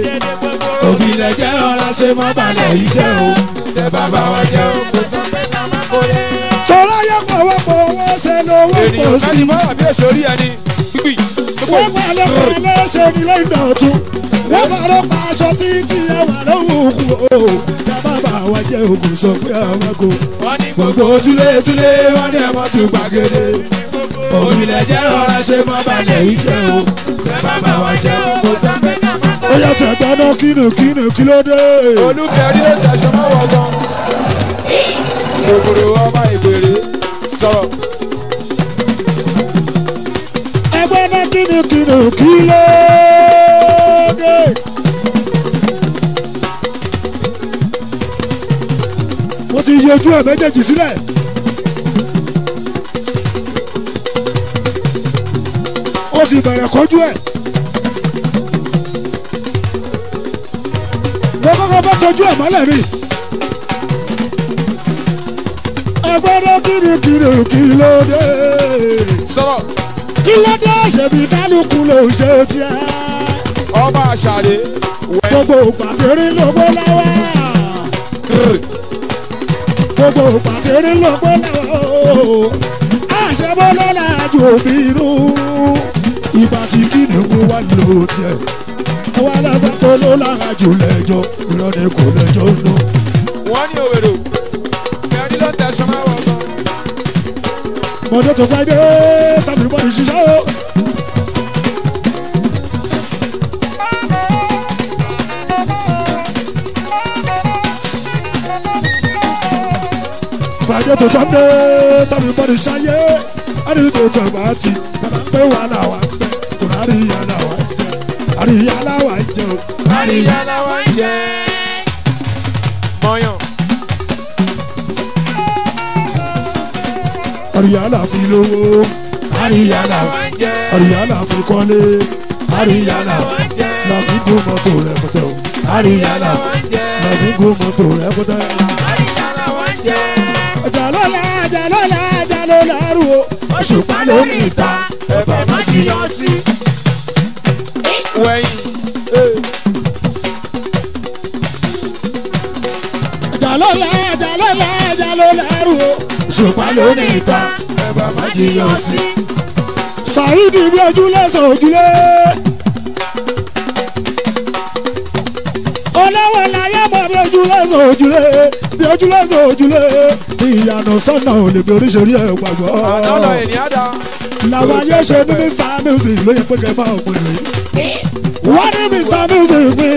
òbílẹ̀ jẹ́ ọ̀la ṣe mọ́ balẹ̀ yìí jẹ́ o. tẹ bàbá wa jẹ́ òkú sọ pé màmá kò lè. tọ́lá yẹ pọ̀wọ́pọ̀ wọ́n ṣe lówó pọ̀ sí. ènìyàn ká ní mọ́ àbí èso rí ẹni gbígbì. wọ́n pa lọ́kùnrin lẹ́sẹ̀ nílẹ̀ ìdọ̀tún. wọ́n fara pa aṣọ títí ẹwà lọ́wọ́ òkú o. bàbá wa jẹ́ òkú sọ àwọn kò. wọ́n ní gbogbo túlétúlé wọ́n ní ẹ̀wọ̀n tún gbàgede òmìnira jẹ́ rọra ṣe mọ́ balẹ̀ yìí jẹ́ o bẹ́ẹ̀ bá bá wa jẹ́ o kò tán bẹ́ẹ̀ náà má. ó yà tẹ̀ dáná kínú kínú kí ló dé. olùkẹ́rí ló tẹ̀sán mọ́ wọ gan. kòkòrò ọmọ ìbèrè sọ̀rọ̀. ẹgbẹ́ náà kínú kínú kí ló dé. mo ti yọjú ẹ̀ méjèèjì sílẹ̀. sì bẹ̀rẹ̀ kọjú ẹ̀. mo bá tọ́jú ẹ̀ mọ́lẹ̀ mi. ẹgbẹ́rẹ́ kirikiri kí ló sọ̀rọ̀. kí ló kálukú ló ṣe tiẹ̀. ọba àṣàlẹ̀ gbogbo pàtẹ́rì ló gbé láwá. gbogbo pàtẹ́rì ló gbé láwá. àṣẹ bọ́lá làjò bírú ìgbà tí kìnìún wà ló tiẹ̀ wà lábẹ́ ló lára jù lẹ́jọ́ ìrọ̀lẹ́ kò lẹ́jọ́ lọ. wọ́n ní òwèrò ẹni ló ń tẹ̀sán máa wọ̀ ọ́. Monday to Friday tàbí bọ́ọ̀lù ṣiṣẹ́ o. Friday to Sunday tàbí bọ́ọ̀lù ṣayé ẹni tó tẹ̀ bá ti tàbí pé wàhálà wà àríyá làwa ń jẹ àríyá làwa ń jẹ o àríyá làwa ń jẹ. mọyàn. àríyá là fi lówó àríyá làwa ń jẹ àríyá là fi kọ́lé àríyá la, ń jẹ là fi gún mọ́tò rẹ̀ pọ̀tẹ́ o àríyá làwa fi gún mọ́tò rẹ̀ pọ̀tẹ́ o. àríyá làwa ń jẹ. ọjà lọ́la rú o. oṣù pa lórí ìta ẹ̀fẹ̀ má jiyàn sí. òṣùpá lónìí ìta ẹ̀bà má jiyọ sí. Saheed ibi ojúlé sọ ojúlé. olówó láyé mọ̀ bí ojúlé sọ ojúlé bí ojúlé sọ ojúlé ìyànà sọ́nà ò lè gbé oríṣiríṣi ẹ̀ gbàgbọ́. àdánù ènìyàn dá. làwọn ayé ṣe ní Mr Music ló yẹ pé kẹ́ máa pè é. wọ́n ní Mr Music pé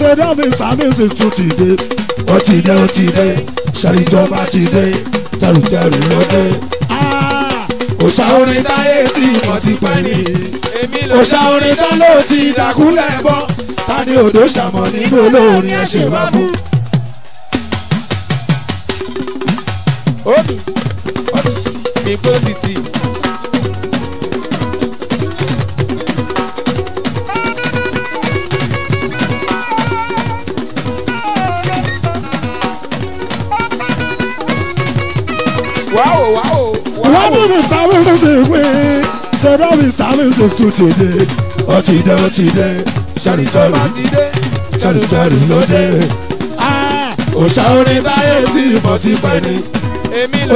ṣe dá Mr Music tún ti dé ó ti dé ó ti dé ṣàlìjọba ti dé tẹrùtẹrù lóde. Ah! òṣà orin táyé tí ìmọ̀ ti pẹ́ ni òṣà orin tán ti dàkúlẹ̀ bọ́ ta ni odò ṣàmọ̀ nínú olórin ẹ̀ ṣe wá fún. omi omi ìgbó ti ti. Ọdún mi sáré ṣe ṣe pé ìṣẹ̀dá mi sáré ṣe tún ti dé. Ọtí dé ọtí dé tẹrùtẹrù tẹrùtẹrù ló dé. Ah, Òṣà orin táyé tí ìbọn ti pẹ́ ni.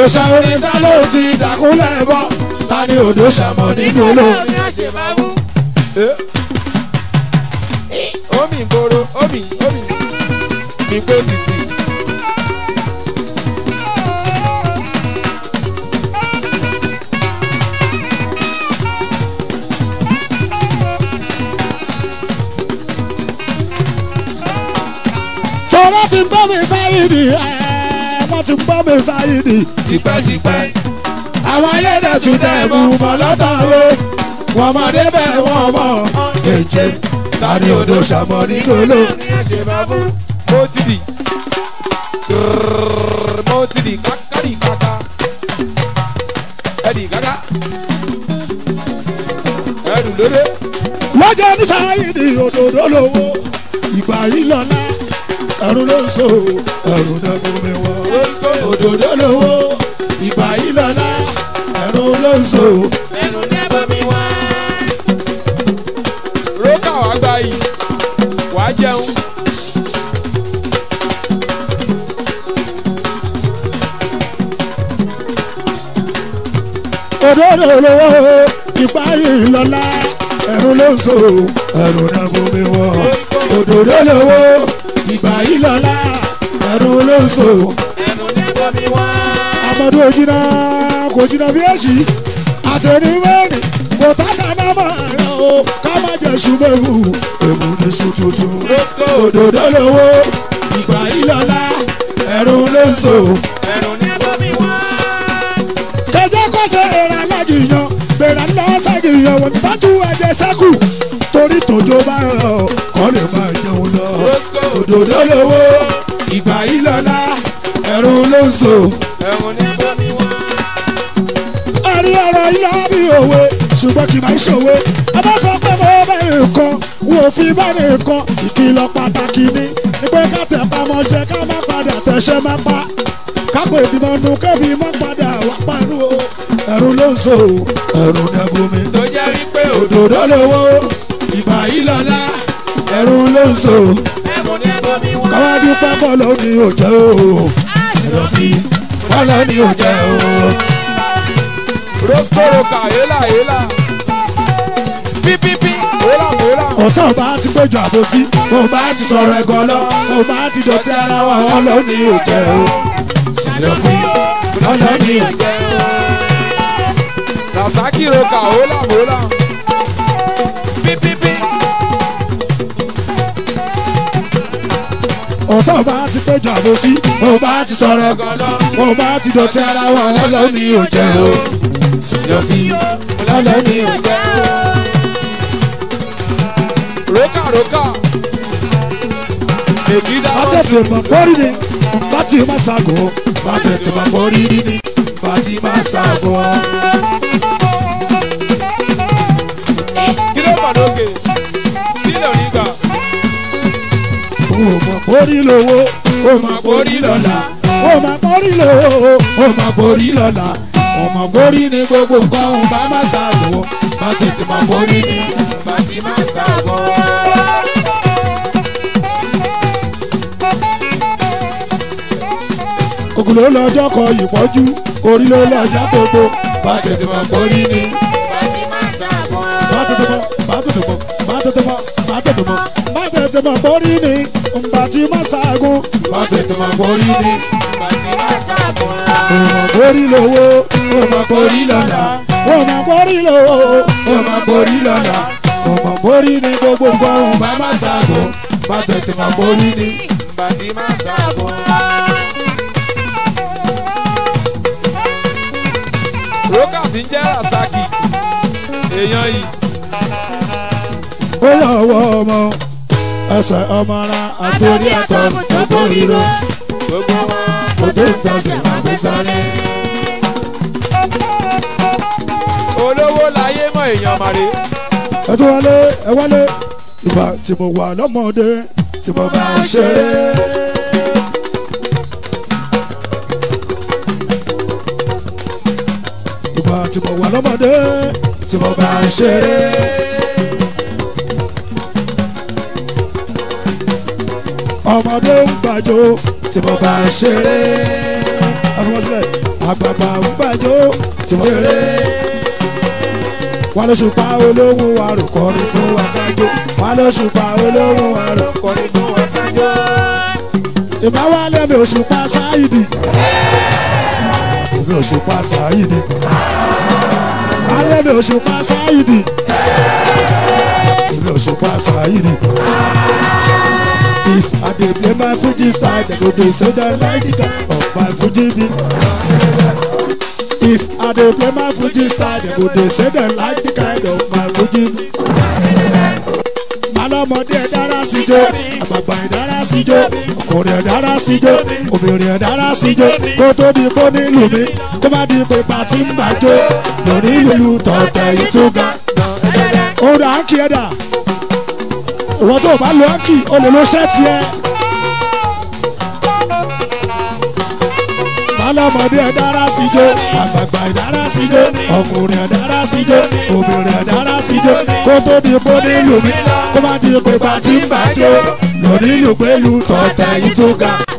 Òṣà orin táyé ti dàkúnlẹ̀ bọ́. Ta ni odò ṣàmọ̀ nínú olóhùn? Eh? Omi ìgboro, omi, omi, mi gbé títí. Sáyidì ẹ̀ eh, wọ́n ti gbọ́ mi Sáyidì. tipẹ́tipẹ́ àwọn ayédètú dẹ̀ mú mọ́ lọ́tọ̀ o wọ́n mọ̀ débẹ̀ wọ́n mọ̀ ẹ̀jẹ̀ tani odo sàmọ́ nínú ló. mo ti di mo di kákàdì kàkà ẹ̀dì kàkà ẹ̀dù lóde. lọ́jọ́ ní Sáyidì òdòdó lówó ìgbà yìí lọ́la àrùn ló ń so àrùn dàgbò mẹ́wàá òdòdó lówó ìgbà yìí lọ́la àrùn ló ń so. ẹnu dẹ́bà mi wá. rókà wàá gbà yìí wàá jẹun. òdòdó ìgbà yìí lọ́la ẹ̀rù ló àyílọ́lá ẹnu olóńsò. ẹnu ní ẹgbẹ́ mi wá. amadu ojina kò jìnnà bí èsì àtẹnumẹ́ni kò tàkà náà máa yọ o ká má jẹ ṣùgbẹ́wù èmù ní ṣu tuntun òdòdó lówó ìgbà ìlọ́lá ẹnu olóńsò. ẹnu ní ẹgbẹ́ mi wá. kẹjọ kọsẹ̀ èrè alágìyàn bẹ̀rẹ̀ lọ́sàgìyàn wọ́n tọ́jú ẹ̀jẹ̀ sẹ́kù torí tòjó bá rọ̀ òdòdó lówó ìgbà yìí lọ́la ẹ̀rùn ló ń so ẹ̀rùn ní bọ́ mi wá. àrí ọ̀rọ̀ yìí lọ́wọ́ mi òwe ṣùgbọ́n kì í máa ń ṣòwe ọba sọ pé mo bẹ nìkan n ò fi bá nìkan ìkìlọ̀ pàtàkì ni ni pé ká tẹ̀ pamọ́ṣẹ́ ká má padà tẹ̀ṣẹ́ má pa kápò ìbímọ nu kébì mọ́ padà wá pàánù o ẹ̀rù ló ń so ẹ̀rù dàgbòmí tó jẹ́ rí pé òdòdó lówó ìbà yìí lọ́la ẹ̀rù ló ń so káwá dúpẹ́ bọ́ọ̀lù ni ò jẹ́ o sẹ̀rọ̀ bí bọ́ọ̀lù ni ò jẹ́ o. rosboro ka hélà hélà pípípí hélà hélà. ọ̀tá ò bá ti péjọ àbòsí ò bá ti sọ̀rọ̀ ẹ̀gọ́ lọ ò ti dọ̀tí ara wa bọ́ọ̀lù ni ò jẹ́ o sẹ̀rọ̀ bí bọ́ọ̀lù ni ò jẹ́ o. rasaki roka hélà hélà. ọ̀tá bá ti péjọ àbòsí mo bá ti sọ̀rọ̀ gọ́dọ̀ mo bá ti dọ̀tí ara wa lọ́lọ́ ní òjẹ́ o ṣùgbọ́n bí lọ́lọ́ ní òjẹ́ o. rókà rókà èmi dáhùn. bá tètè mọ̀ pọ́rí ni bá ti máa ṣàgọ́ bá tètè mọ̀ pọ́rí ni bá ti máa ṣàgọ́. borí lówó ó máa borí lọ́la ó borí lówó ó borí ọmọ borí ni gbogbo nǹkan òun bá má sa bá tètè mọ borí ni ni bá ti má tètè máa borí ni ǹgbà tí má ṣaagun. ǹgbà tètè máa borí ni ǹgbà tí má ṣaagun la. wọ́n máa borí lówó. wọ́n lana. O lọ́la. wọ́n máa borí lówó. wọ́n máa borí lọ́la. wọ́n máa borí ni gbogbo nǹkan ǹgbà má ṣaagun. ǹgbà tètè máa ni ǹgbà tí má ṣaagun ti ń jẹ́ rasaki èèyàn yìí. ó lọ́wọ́ ọmọ ẹsẹ̀ ọmọra àtòrí àtọ̀gùn tó kórìíró gbogbo wọn kò tó ń tẹ̀sẹ̀ máa fi sáré. olówó láyé mọ èèyàn màrí. ẹ tún wọlé ẹ wọlé ìgbà tí mo wà lọ́mọdé tí mo bá ṣeré. ìgbà tí mo wà lọ́mọdé tí mo bá ṣeré. ọmọdé ń gbàjọ tí mo bá ṣeré afọwọ́sílẹ̀ àgbààgbà ń gbàjọ tí mo ṣeré wọ́n ló ṣùpá olóhùn wa rò kọrin fún wa kájọ wọ́n ló ṣùpá olóhùn wa rò kọrin fún wa kájọ. ìbáwá lẹ́mi òṣùpá sáyidì lẹ́mi òṣùpá sáyidì lẹ́mi òṣùpá sáyidì lẹ́mi òṣùpá sáyidì beat. I dey play my Fuji style, they go dey say they like the kind of my Fuji beat. If I dey play my Fuji style, they go dey say they like the kind of my Fuji beat. Alọ́mọdé dára sí jó, àgbàgbà ìdára sí jó, ọkùnrin ìdára sí jó, obìnrin ìdára sí jó, kó tó di bó nílùú mi, kó má di pé pàtí ń bàjọ́, lórí ìlú tọ̀tẹ̀ ìtúgà. Ó rà á kí ẹ dà ìwọ tó o bá lo ákì o lè lo ṣẹ́ẹ̀tì ẹ. ọlọ́mọdé ẹ dára sí jó àgbààgbà ẹ dára sí jó ọkùnrin ẹ dára sí jó obìnrin ẹ dára sí jó kó tó di bó nílùú mi kó má di pé bá ti bàjẹ́ lónílùú pẹ̀lú tọ̀tẹ̀ yìí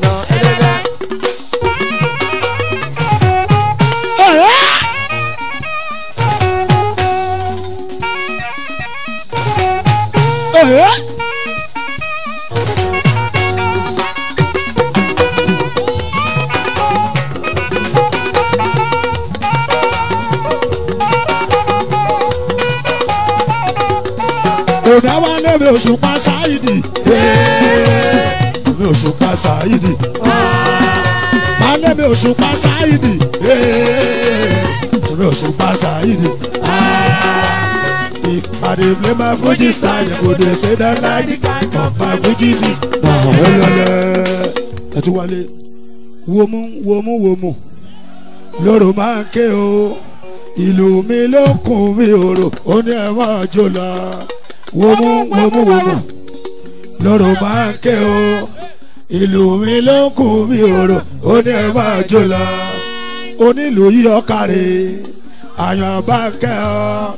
Saidi. Anẹ́mi Òṣùpá Saidi. Anẹ́mi Òṣùpá Saidi. If I dey play my Fuji style, you go dey say dem like the kind of my Fuji beat. Wàhálàlẹ̀ ẹ tún wálé. Womú womú womú lóró máa ń ké o. Ìlú mi ló kún mi òrò, ó ní ẹ̀ máa jò lọ. Womú womú womú lóró máa ń ké o ìlú mi ló ń kú mi òrò ó ní ẹ máa jó lọ onílù yí ọkàrè àyàn bá ń kẹ́ ọ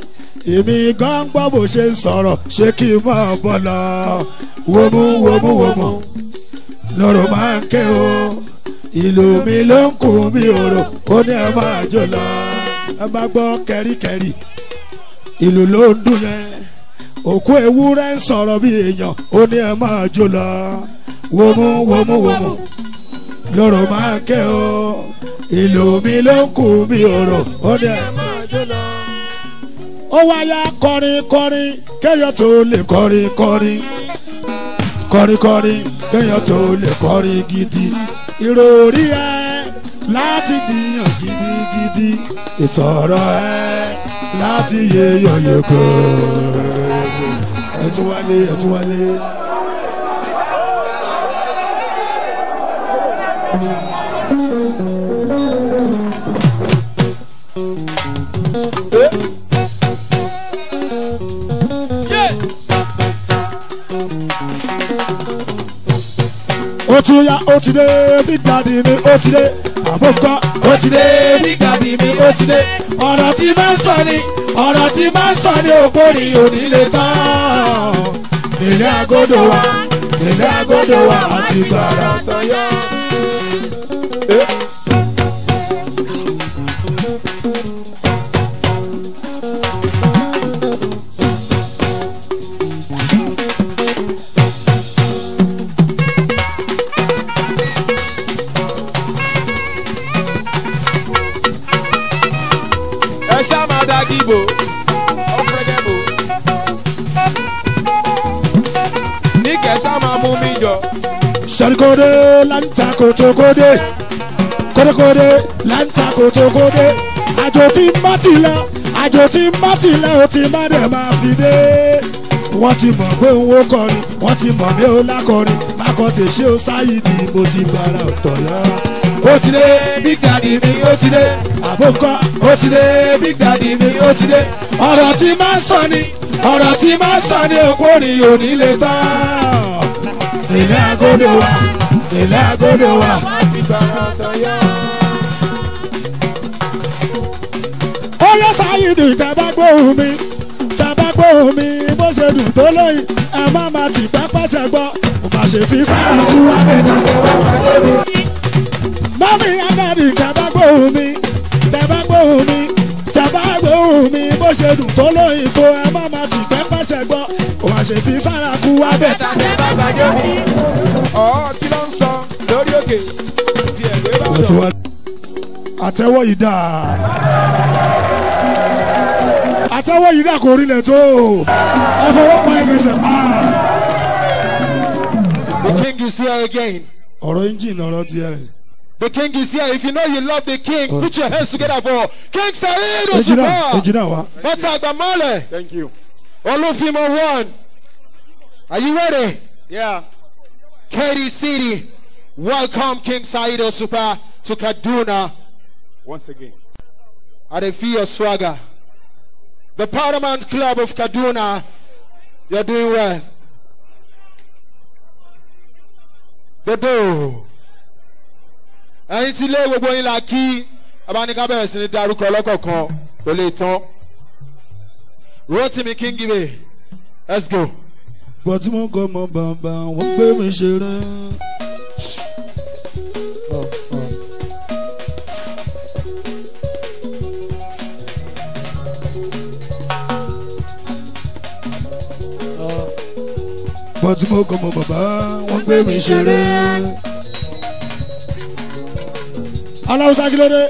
èmi gan gbọ́ bó ṣe ń sọ̀rọ̀ ṣé kí n máa bọ̀ lọ wòmú wòmú wòmú lọ́rọ̀ máa ń kẹ́ o ìlú mi ló ń kú mi òrò ó ní ẹ máa jó ẹ má gbọ́ kẹ́ríkẹ́rí ìlú ló ń dún yẹn òkú ewúrẹ́ ń sọ̀rọ̀ bí èèyàn ó ní ẹ máa jó wòmú wòmú wòmú lọ́rọ̀ máa kẹ́ ọ ìlú mi ló kù bí ọ̀rọ̀ ó ní ẹ̀ máa jó lọ. ó wáyà kọrin kọrin kéèyàn tó lè kọrin kọrin kọrin kọrin kéèyàn tó lè kọrin gidi ìròrí ẹ láti dìyàn gidigidi ìsọ̀rọ̀ ẹ láti yẹ yọ̀yẹ̀ kọ́ ẹ tún wálé ẹ tún wálé. ó tún yá ó ti dé bí dàdí mi ó ti dé àbúkọ ó ti dé bí dàdí mi ó ti dé ọ̀rọ̀ tí bá ń sọ ni ọ̀rọ̀ tí bá ń sọ ni ògbóni òní tán nílé agodo wa nílé agodo wa àti gbàrà tọyọ. láǹtà kòtòkòdé kòtòkòdé láǹtà kòtòkòdé àjò tí má ti lọ àjò tí má ti lọ ó ti má dẹ̀ máa fi dé wọ́n ti mọ̀ pé n ó kọrin wọ́n ti mọ̀ pé ó lákọrin mákọ tèṣe ó sáyìdì mo ti gbára ọ̀tọ̀ yá. ó ti dé big daddy mi ó ti dé àbókọ́ ó ti dé big daddy mi ó ti dé ọ̀rọ̀ tí máa ń sọ ni ọ̀rọ̀ tí máa sọ ni òkú òrìyàn ò ní tán ilé agodo wa ilé agodo wa. láti gbàgbọ́ tọ́yá. ó yẹ sáyidì tàbá gbóhùn mi tàbá gbóhùn mi bó ṣe dùn tó lóyìn ẹ má má ti pápá tẹ gbọ́ mo má ṣe fi sára kú abẹ́ta. mọ́mí adáàdì tàbá gbóhùn mi tàbá gbóhùn mi tàbá gbóhùn mi bó ṣe dùn tó lóyìn tó ẹ má má ti pápá tẹ gbọ́ mo má ṣe fi sára kú abẹ́ta. ọ̀ọ́ lókè ti ẹ̀rọ ìbàdàn. àtẹ́wọ́ yìí dà. àtẹ́wọ́ yìí dà kò rinlẹ̀ tó. ẹ fọwọ́ pa ẹ̀fẹsẹ̀ pa. The king is here again. ọ̀rọ̀ engine ọ̀rọ̀ ti ẹ̀. The king is here. If you know you love the king, oh. put your hands together for King Saheed Osupa. Engineer wa. Bata Agbamole. Thank you. Olufimo one. Are you ready? Yeah. Katy City. Welcome King Said Osupa to Kaduna. Once again. Adefio Swagger. The Paramount Club of Kaduna, you're doing well. The door. ẹ̀yin tí ilé gbogbo yín la kí abáníká bẹ̀rẹ̀ sí ní darúkọ ọlọ́kọ̀ọ̀kan tó lè tán Rotimi Kingibe let's go. bọ́tí mo kọ́ mọ bàbá wọ́n gbé mi ṣeré. ọmọ tí mo kọ́ mọ bàbá wọ́n gbé mi ṣeré. aláwùsá kí ló dé.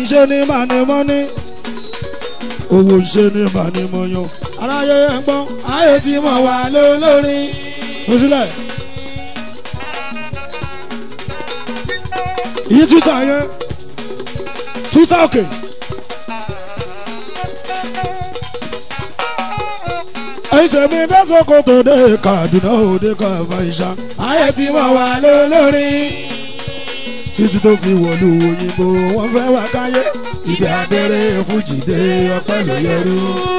ń ṣe ní mànímọ́ ní owó ń ṣe ní mànímọ́ yan aráyé ń gbọ́n ayé tí mo wà lólórí òṣìlẹ̀. yí túta yẹn túta òkè. èyí tèmi tó dé Kaduna òde kan fàìṣà ayé tí mo wà lólórí títí tó fi wọ̀lú òyìnbó wọ́n fẹ́ wá káyé ibi abẹ́rẹ́ fújì dé ọpẹ́ ló yẹrú.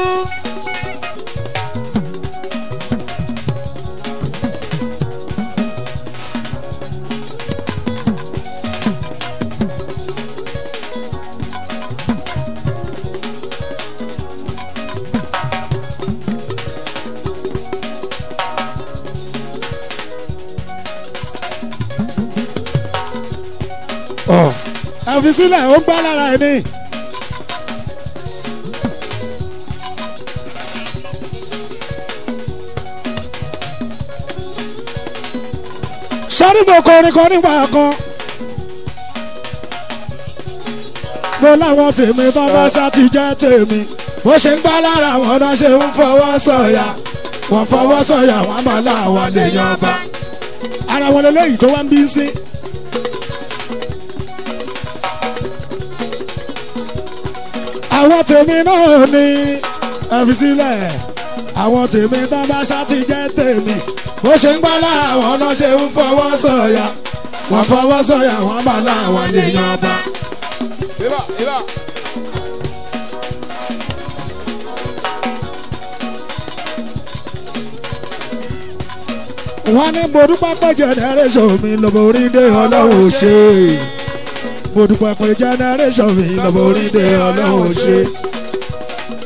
fi sílẹ̀ ó ń gbá lára ẹ̀ ni. sọ́dúnbò kọrin kan nígbà kan. mo láwọn tèmi tó bá ṣáàtì jẹ́ tèmi bó ṣe ń gbá lára wọn náà ṣe ń fọwọ́ sọ̀yà wọ́n fọwọ́ sọ̀yà wọ́n máa láwọn lè yan ara wọn lọ lẹ́yìn tó wá ń bí sí. àwọn tèmi náà ni ẹ̀mí sílẹ̀ àwọn tèmi tán bá ṣáàtì jẹ́ tèmi bó ṣe ń gbọ́ láwọn náà ṣe ń fọwọ́ sọ̀yà wọ́n fọwọ́ sọ̀yà wọ́n bá láwọn lèèyàn bá. wọ́n ní mo dúpẹ́ pẹ́jẹ́ dẹ́rẹ́ sọ̀mi orí dé ọlọ́run ṣe é mo dúpẹ́ pé generation mi lọ́mọ orílẹ̀ ọlọ́run ṣe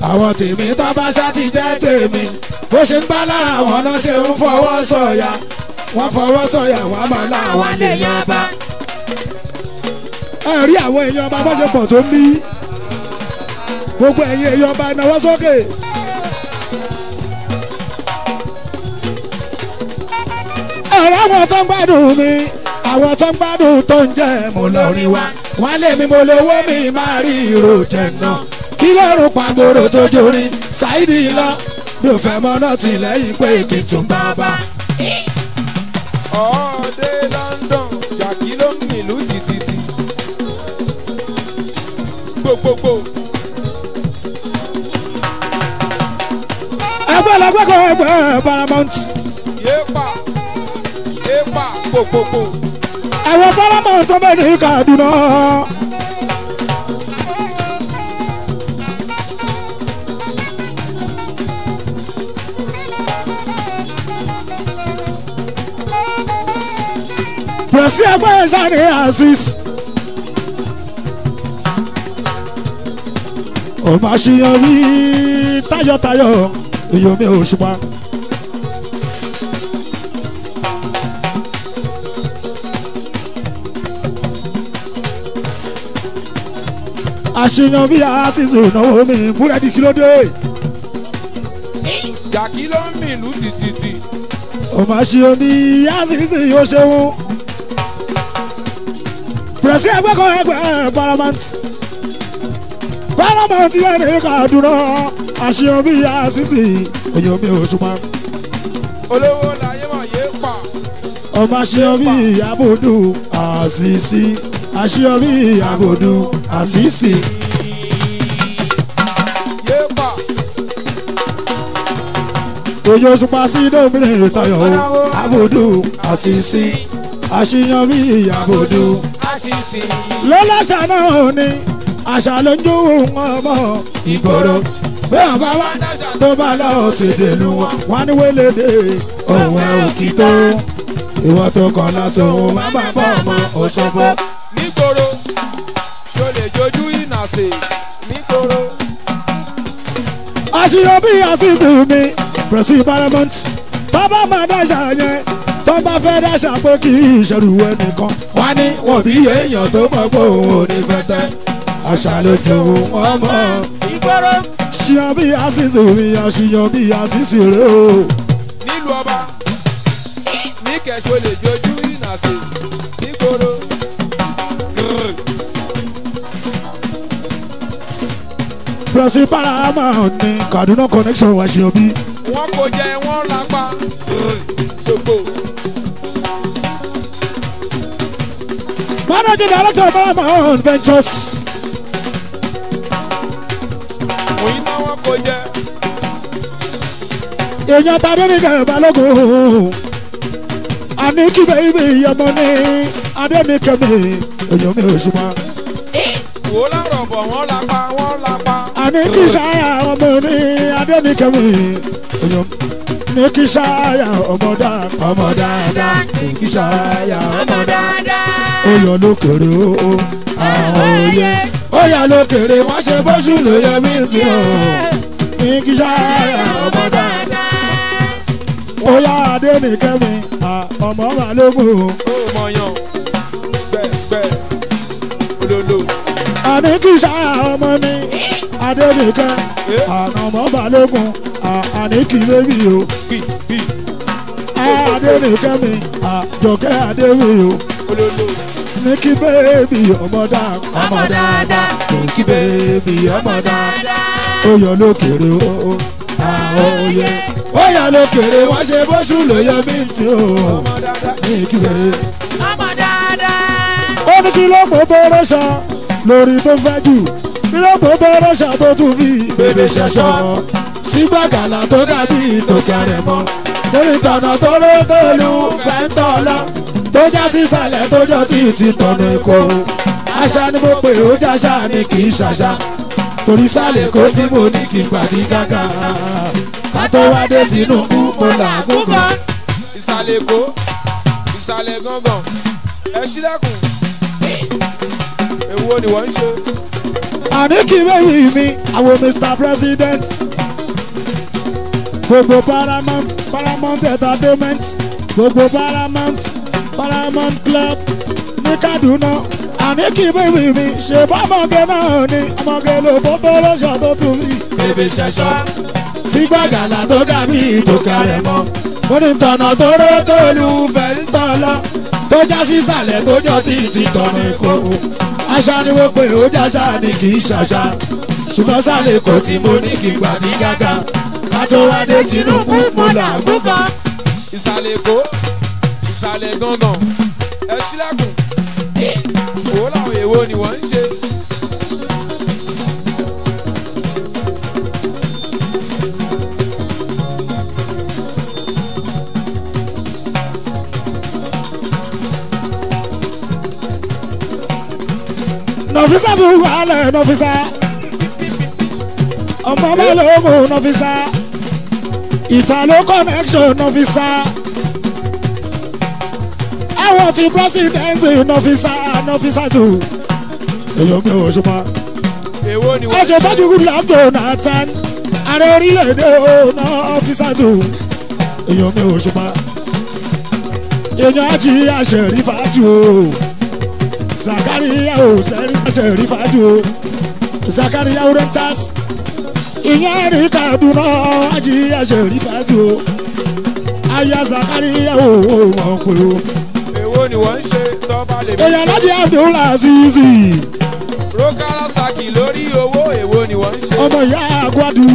àwọn tèmi tó bá ṣáàtì jẹ́ tèmi bó ṣe ń bá lára àwọn náà ṣe ń fọwọ́ sọ̀yà wọ́n fọwọ́ sọ̀yà wọ́n mọ̀ láwọn lè yá bá. ẹ rí àwọn èèyàn ọba bó ṣe pọ̀ tó ń bí gbogbo ẹ̀yin èèyàn ọba náwó sókè. ọ̀rọ̀ àwọn tó ń gbádùn mi àwọn tó ń gbádùn tó ń jẹ́ mo lọ rí wa wọ́n lé mi mo lówó mi máa rí irú tẹ̀nà kí lọ́rùn pàgbòrò tó jórin ṣáìdì lọ mi ò fẹ́ mọ́ náà tì lẹ́yìn pé kì í tún bàbá. ọ̀ọ́dẹ London jàkí ló ń nílùú tìtìtì gbogbogbò. ẹgbẹ́ lọ́gbẹ́kọ̀ọ́ ẹgbẹ́ paramount. yéèpà yéèpà gbogbogbò àwọn fọlọ́mọ tó bẹ̀ ní Kaduna. Pẹ̀sí ẹgbẹ́ ẹ̀ṣá ní Azeez. Ó máa ṣiyàn rí tayọ̀tayọ̀, èyí ò mi àṣeyàn bí àṣìṣe ìnáwó mi búrẹ́dì kí ló dé. ìjà kí ló ń mìlú tìtìtì. ó máa ṣe omi àṣìṣe yóò ṣeun. pẹ̀sì ẹgbẹ́ kan ẹgbẹ́ paramount paramount yẹn ní Kaduna àṣeyàn bí àṣìṣe òyìn omi òṣùpá. olówó láyé mọ̀ yé pa. O máa ṣe omi ìyàbò dùn àṣìṣe àṣeyọrí àbòdù àṣìṣì. òye oṣù pàṣẹ iná òmìnira ìtayọ̀ o àbòdù àṣìṣì àṣeyọrí àbòdù àṣìṣì. lọ́lọ́ṣà náà ni àṣà ló ń jó ohun ọmọ ìgboro pé ọba wa tó bá lọ ṣèdè lu wọn wọn ní wélédè òun ẹ òkìtó ìwọ tó kọ lásán òun má bàbá ọmọ òṣogbo. gbèsè nígboro. àṣìyàn bí àṣìṣe mi presi parliament bàbá máa dáṣà yẹn tó bá fẹ́ dáṣà pé kí ìṣẹ̀rù ẹnìkan. wá ní wọn bí èèyàn tó mọ̀ pé òun ò ní fẹ́tẹ́ àṣà ló wọn mọ̀. ìgboro. ṣìyàn bí àṣìṣe mi àṣìyàn bí àṣìṣe rẹ o. nílùú ọba ní kẹsàn-án lè jó Brazil Paramount ní Kaduna connection wá ṣe òbí. Wọ́n kò jẹ wọ́n lápá. Managing Director Paramount Ventures. Òyìnbá wọn kò jẹ. Èèyàn ta dé nìkan balógun. Àní kí bẹ́ẹ̀ bí ìyọmọ ní Adénikẹ́mi èèyàn mi ò ṣùgbọ́n. Wò lárọ̀ bọ̀ wọ́n lápá ní kí sáyà ọmọ mi adẹ́nìkẹ́mi oyún ní kí sáyà ọmọ dáadáa da dáadáa ní kí sáyà ọmọ dáadáa oyún lókèrè o àwọn oyè oyà lókèrè wọ́n ṣe bóṣù ló yẹ mí fi hàn ní kí sáyà ọmọ dáadáa oyà adẹ́nìkẹ́mi ọmọ màlúkù. ó mọyàn bẹ́ẹ̀ bẹ́ẹ̀ lolo, àní kí sáyà ọmọ mi. Adédèké ànàmọ́ balógun àníkì lèmi o Adédèké mi àjọkẹ́ adémi o ní kí bẹ́ẹ̀bì ọmọ dáa ọmọ dáadáa ní kí bẹ́ẹ̀bì ọmọ dáadáa ó yọ lókèrè o àòye ó yọ lókèrè wọ́n ṣe bóṣù ló yọ bí n ti o ní kí bẹ́ẹ̀. ọmọ dáadáa. ó ní kí ló pọ̀ tó rẹ́ṣọ lórí tó fẹ́ jù lọ́pọ̀ tó rọ́ṣà tó tún fi bèbè ṣẹ̀ṣọ́ sígbàgàlà tó dàbí ìtòkè àrẹ̀mọ. lórí tọ̀nà tó ró tólu fẹ́ńtọ́ ọlá tó já sísàlẹ̀ tó jọ tí ì ti tọ̀nà èkó. àṣà ni mo pè ó jáṣà ni kì í ṣàṣà torí sálẹ̀ kó tí mo ní kí n pàdé gàgà. ká tó wá dé Tinubu mo là gúngàn. ìsàlẹ̀ èkó ìsàlẹ̀ gángan ẹ ṣílẹ̀kùn èwo ni wọ́n ń ṣe àníkì bẹ́ẹ̀bì mi àwọn Mr President go go Paramount Paramount Entertainment go go Paramount Paramount Club ní Kaduna àníkì bẹ́ẹ̀bì mi ṣe bá ọmọge náà ni ọmọge ló bó tó lọ́ṣọ̀ tó tún bí. bèbè ṣẹṣọ sí gbàgàlà tó dàbí ìtòkà rẹ̀ mọ́ ó ní tọ̀nà tó rọ́ tó lù fẹ́ ń tọ̀ lọ tó já sísàlẹ̀ tó jọ tí ì ti tọ̀ ní kò aṣá ni wọ́n pè ó jáṣá ni kì í ṣùgbọ́n sálẹ̀ kò tí mo ní kí n gbà ní gàgà ká tó wá dé Tinubu mo là gúnga. ìsàlẹ̀ èkó ìsàlẹ̀ gangan ẹ ṣílẹ̀kùn òwò làwọn èèwọ̀ ni wọ́n ń ṣe. nọfisa fi wàhálà nọfisa ọmọ balógun nọfisa ìtàló connection nọfisa àwọn ti presidency nọfisa nọfisa tù èyí ọmọ ìwọ ṣùpá. aṣètọ́jú gúdúlágbò nàtàn ààrẹ orílẹ̀-èdè ọ̀nà ọ̀fíìsà tù èyí ọmọ ìwọ ṣùpá. èèyàn á jí àṣẹ rí fàtì o. Zakaria ò sẹ́rí ẹsẹ̀ rí fájú o Zakaria oh, rentas ìyẹn rí Kaduna ají ẹsẹ̀ rí fájú o aya Zakaria ò wọ́n pé o. èwo ni wọ́n ń ṣe tọ́ba lè fi. èèyàn láti Abdul Aziz. Rokara Saki lórí owó èwo ni wọ́n ń ṣe. ọmọ ìyá àgọ́dù.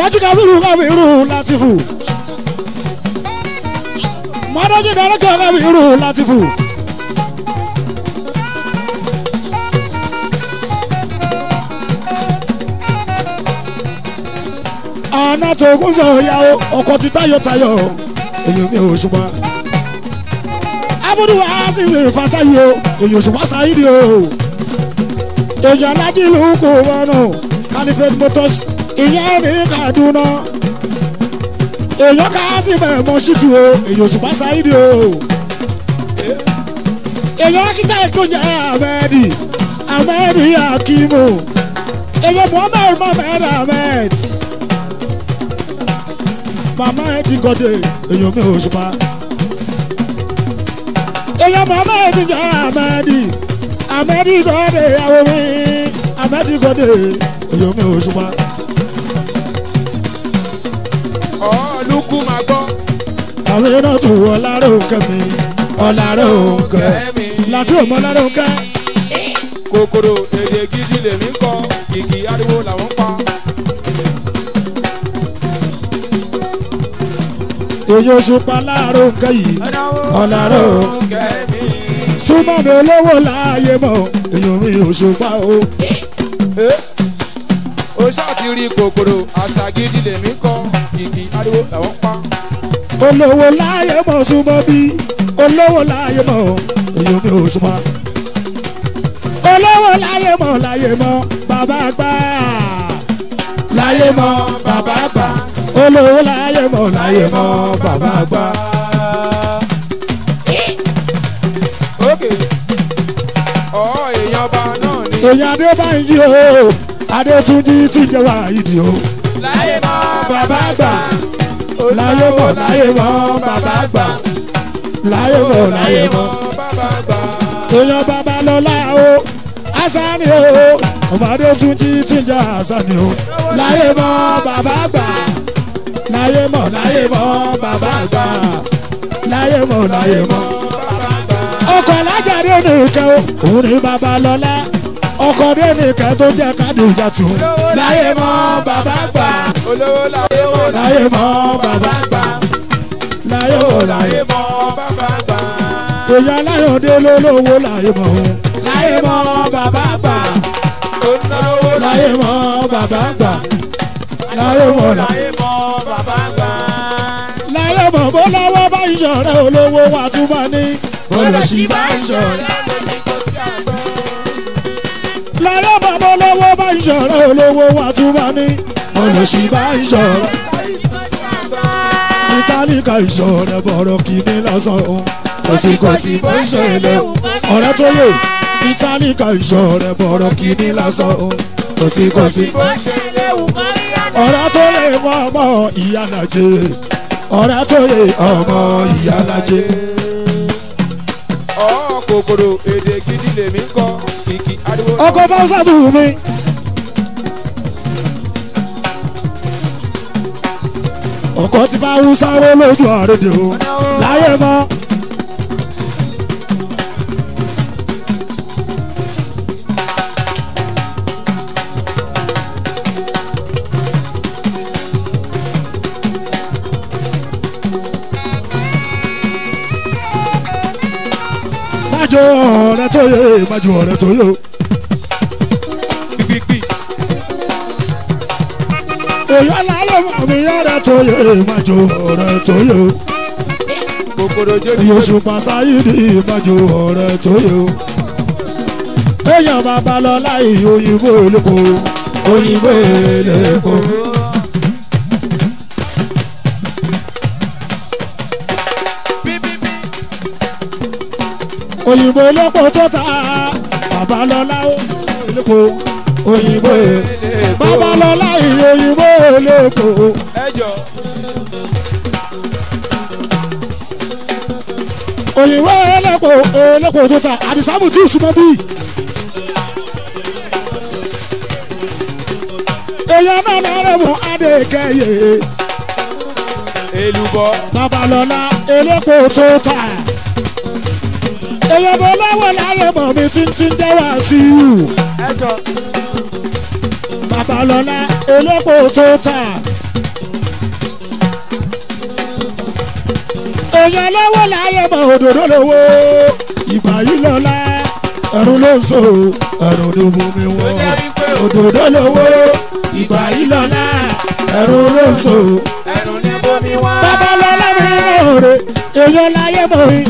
Alhaji Kabiru Kabiru Latifu. Madaji Daraka Kabiru Latifu. Anato Ogunso Yao ọkọ̀ ti tayọ̀tayọ̀ èyí mi ò ṣùgbọ́n. Abudu Azizi Fatayi o èyí ò ṣùgbọ́n Saidi o. Èyí Alhaji Lukuman Caliphate Motors ìyá ní Kaduna èyàn ká sí mẹ́mọ́ ṣìtú o èyàn òṣùpá sáyidì o èyàn akíta ètò jẹ́ Ahmedi Ahmedi Akimu èyàn Muhammed Muhammed Ahmed mama ẹ ti gọdẹ èyàn mi òṣùpá èyàn Muhammed jẹ́ Ahmedi Ahmedi gọdẹ àwọn mi Ahmedi gọdẹ èyàn mi òṣùpá ọ̀ọ́lùkù máa gbọ́. àwẹ̀rọ̀ tó wọ láró kẹmí ọ̀làró kẹ láti òmọ láró kẹ. kòkòrò èdè gidi lèmi ń kọ kìkì ariwo làwọn ń pa. èyí oṣù pa láàárọ̀ nǹkan yìí ọ̀làrọ̀ súnmọ́ mi olówó láàyè mọ́ èyí mi oṣù pa o. Eh? ó ṣáà ti rí kòkòrò àṣà gidi lèmi kọ́ pariwo làwọn pa. olówó láyé mọ̀ súnmọ́ bí olówó láyé mọ̀ èyí mi ò súnmọ́. olówó láyé mọ̀ láyé mọ̀ bàbá gbà. láyé mọ̀ bàbá gbà. olówó láyé mọ̀ láyé mọ̀ bàbá gbà. èyàn adé bá ń yí o adé tún jí tìjọba ìdí o. láyé mọ́ bàbá gbà láyé mọ̀ láyé mọ̀ bàbá gbà láyé mọ̀ láyé mọ̀ bàbá gbà. èèyàn bàbá lọ́lá o asani o ọmọdé tún jí tíjà asani o láyé mọ̀ bàbá gbà láyé mọ̀ láyé mọ̀ bàbá gbà láyé mọ̀ láyé mọ̀ bàbá gbà. ọkọ̀ alájà ni ó nìkan o òun ni bàbá lọ́lá ọkọ bí ẹnìkan tó jẹ́ kádìjà tù. láyé mọ́ bàbá gbà. olówó láyé wò láyé mọ́ bàbá gbà. láyé wò láyé mọ́ bàbá gbà. ìyá láyọ̀dé lólówó láyé mọ́. láyé mọ́ bàbá gbà. olówó láyé mọ́ bàbá gbà. láyé wò láyé mọ́ bàbá gbà. láyé mọ́ bó lọ́wọ́ bá ń ṣọ̀rẹ́ olówó wa tún bá ní. bó sí bá ń ṣọ̀rẹ́. ń ṣọ̀rẹ́ olówó wa tún bá ní olóṣì bá ń ṣọ̀rẹ́. ìtálíkà ìṣọ̀rẹ́ bọ̀rọ̀ kì í ní lásán o kòsíkòsí bó ń ṣe léwu. ọ̀rẹ́ tó yè ìtálíkà ìṣọ̀rẹ́ bọ̀rọ̀ kì í ní lásán o kòsíkòsí bó ń ṣe léwu. ọ̀rẹ́ tó yè mọ́ ọmọ ìyá làjẹ́ ọ̀rẹ́ tó yè ọmọ ìyá làjẹ́. ọ̀ọ́ kòkòrò èdè gidi lèmi kọ́ ọkọ̀ bá ń ṣàtúwò mi. ọkọ̀ ti fa wúsáró lójú àrèdè o láyé mọ́. májò ọ̀rẹ́ tó yẹ májò ọ̀rẹ́ tó yẹ. Oyún ọmọ mi yára tó yẹ ìmájò ọ̀rẹ́ tó yẹ o. kòkòrò jẹ́bi Òṣùpá Sáyídì ìmájò ọ̀rẹ́ tó yẹ o. èèyàn máa lọ láì òyìnbó èlòkò òyìnbó èlòkò. òyìnbó lọ́pọ̀ tó ta bàbá lọ́lá òyìnbó èlòkò. Oyibo babalọ́lá babalọla iye oyibo òyìnbó ẹlẹ́kọ̀ọ́ e. e ẹlẹ́kọ̀ọ́ e tó ta àdìsámù tí ìsúmọ́ bí. èèyàn náà lọ́rọ̀ mú adékẹ́yẹ. èlùbọ́. babalọ́lá ẹlẹ́kọ̀ọ́ tó ta èèyàn bọ́ láyé mi babalọ́lá elépo tó tà. èèyàn lọ́wọ́ láyé mọ òdòdó lówó ìgbà yìí lọ́lá ẹ̀rù ló ń so ẹ̀rù ló mú mi wọ́ òdòdó lówó ìgbà yìí lọ́lá ẹ̀rù ló ń so ẹ̀rù ló mú mi wọ́ babalọ́lá mi rẹ̀ èèyàn láyé mọ̀ mi.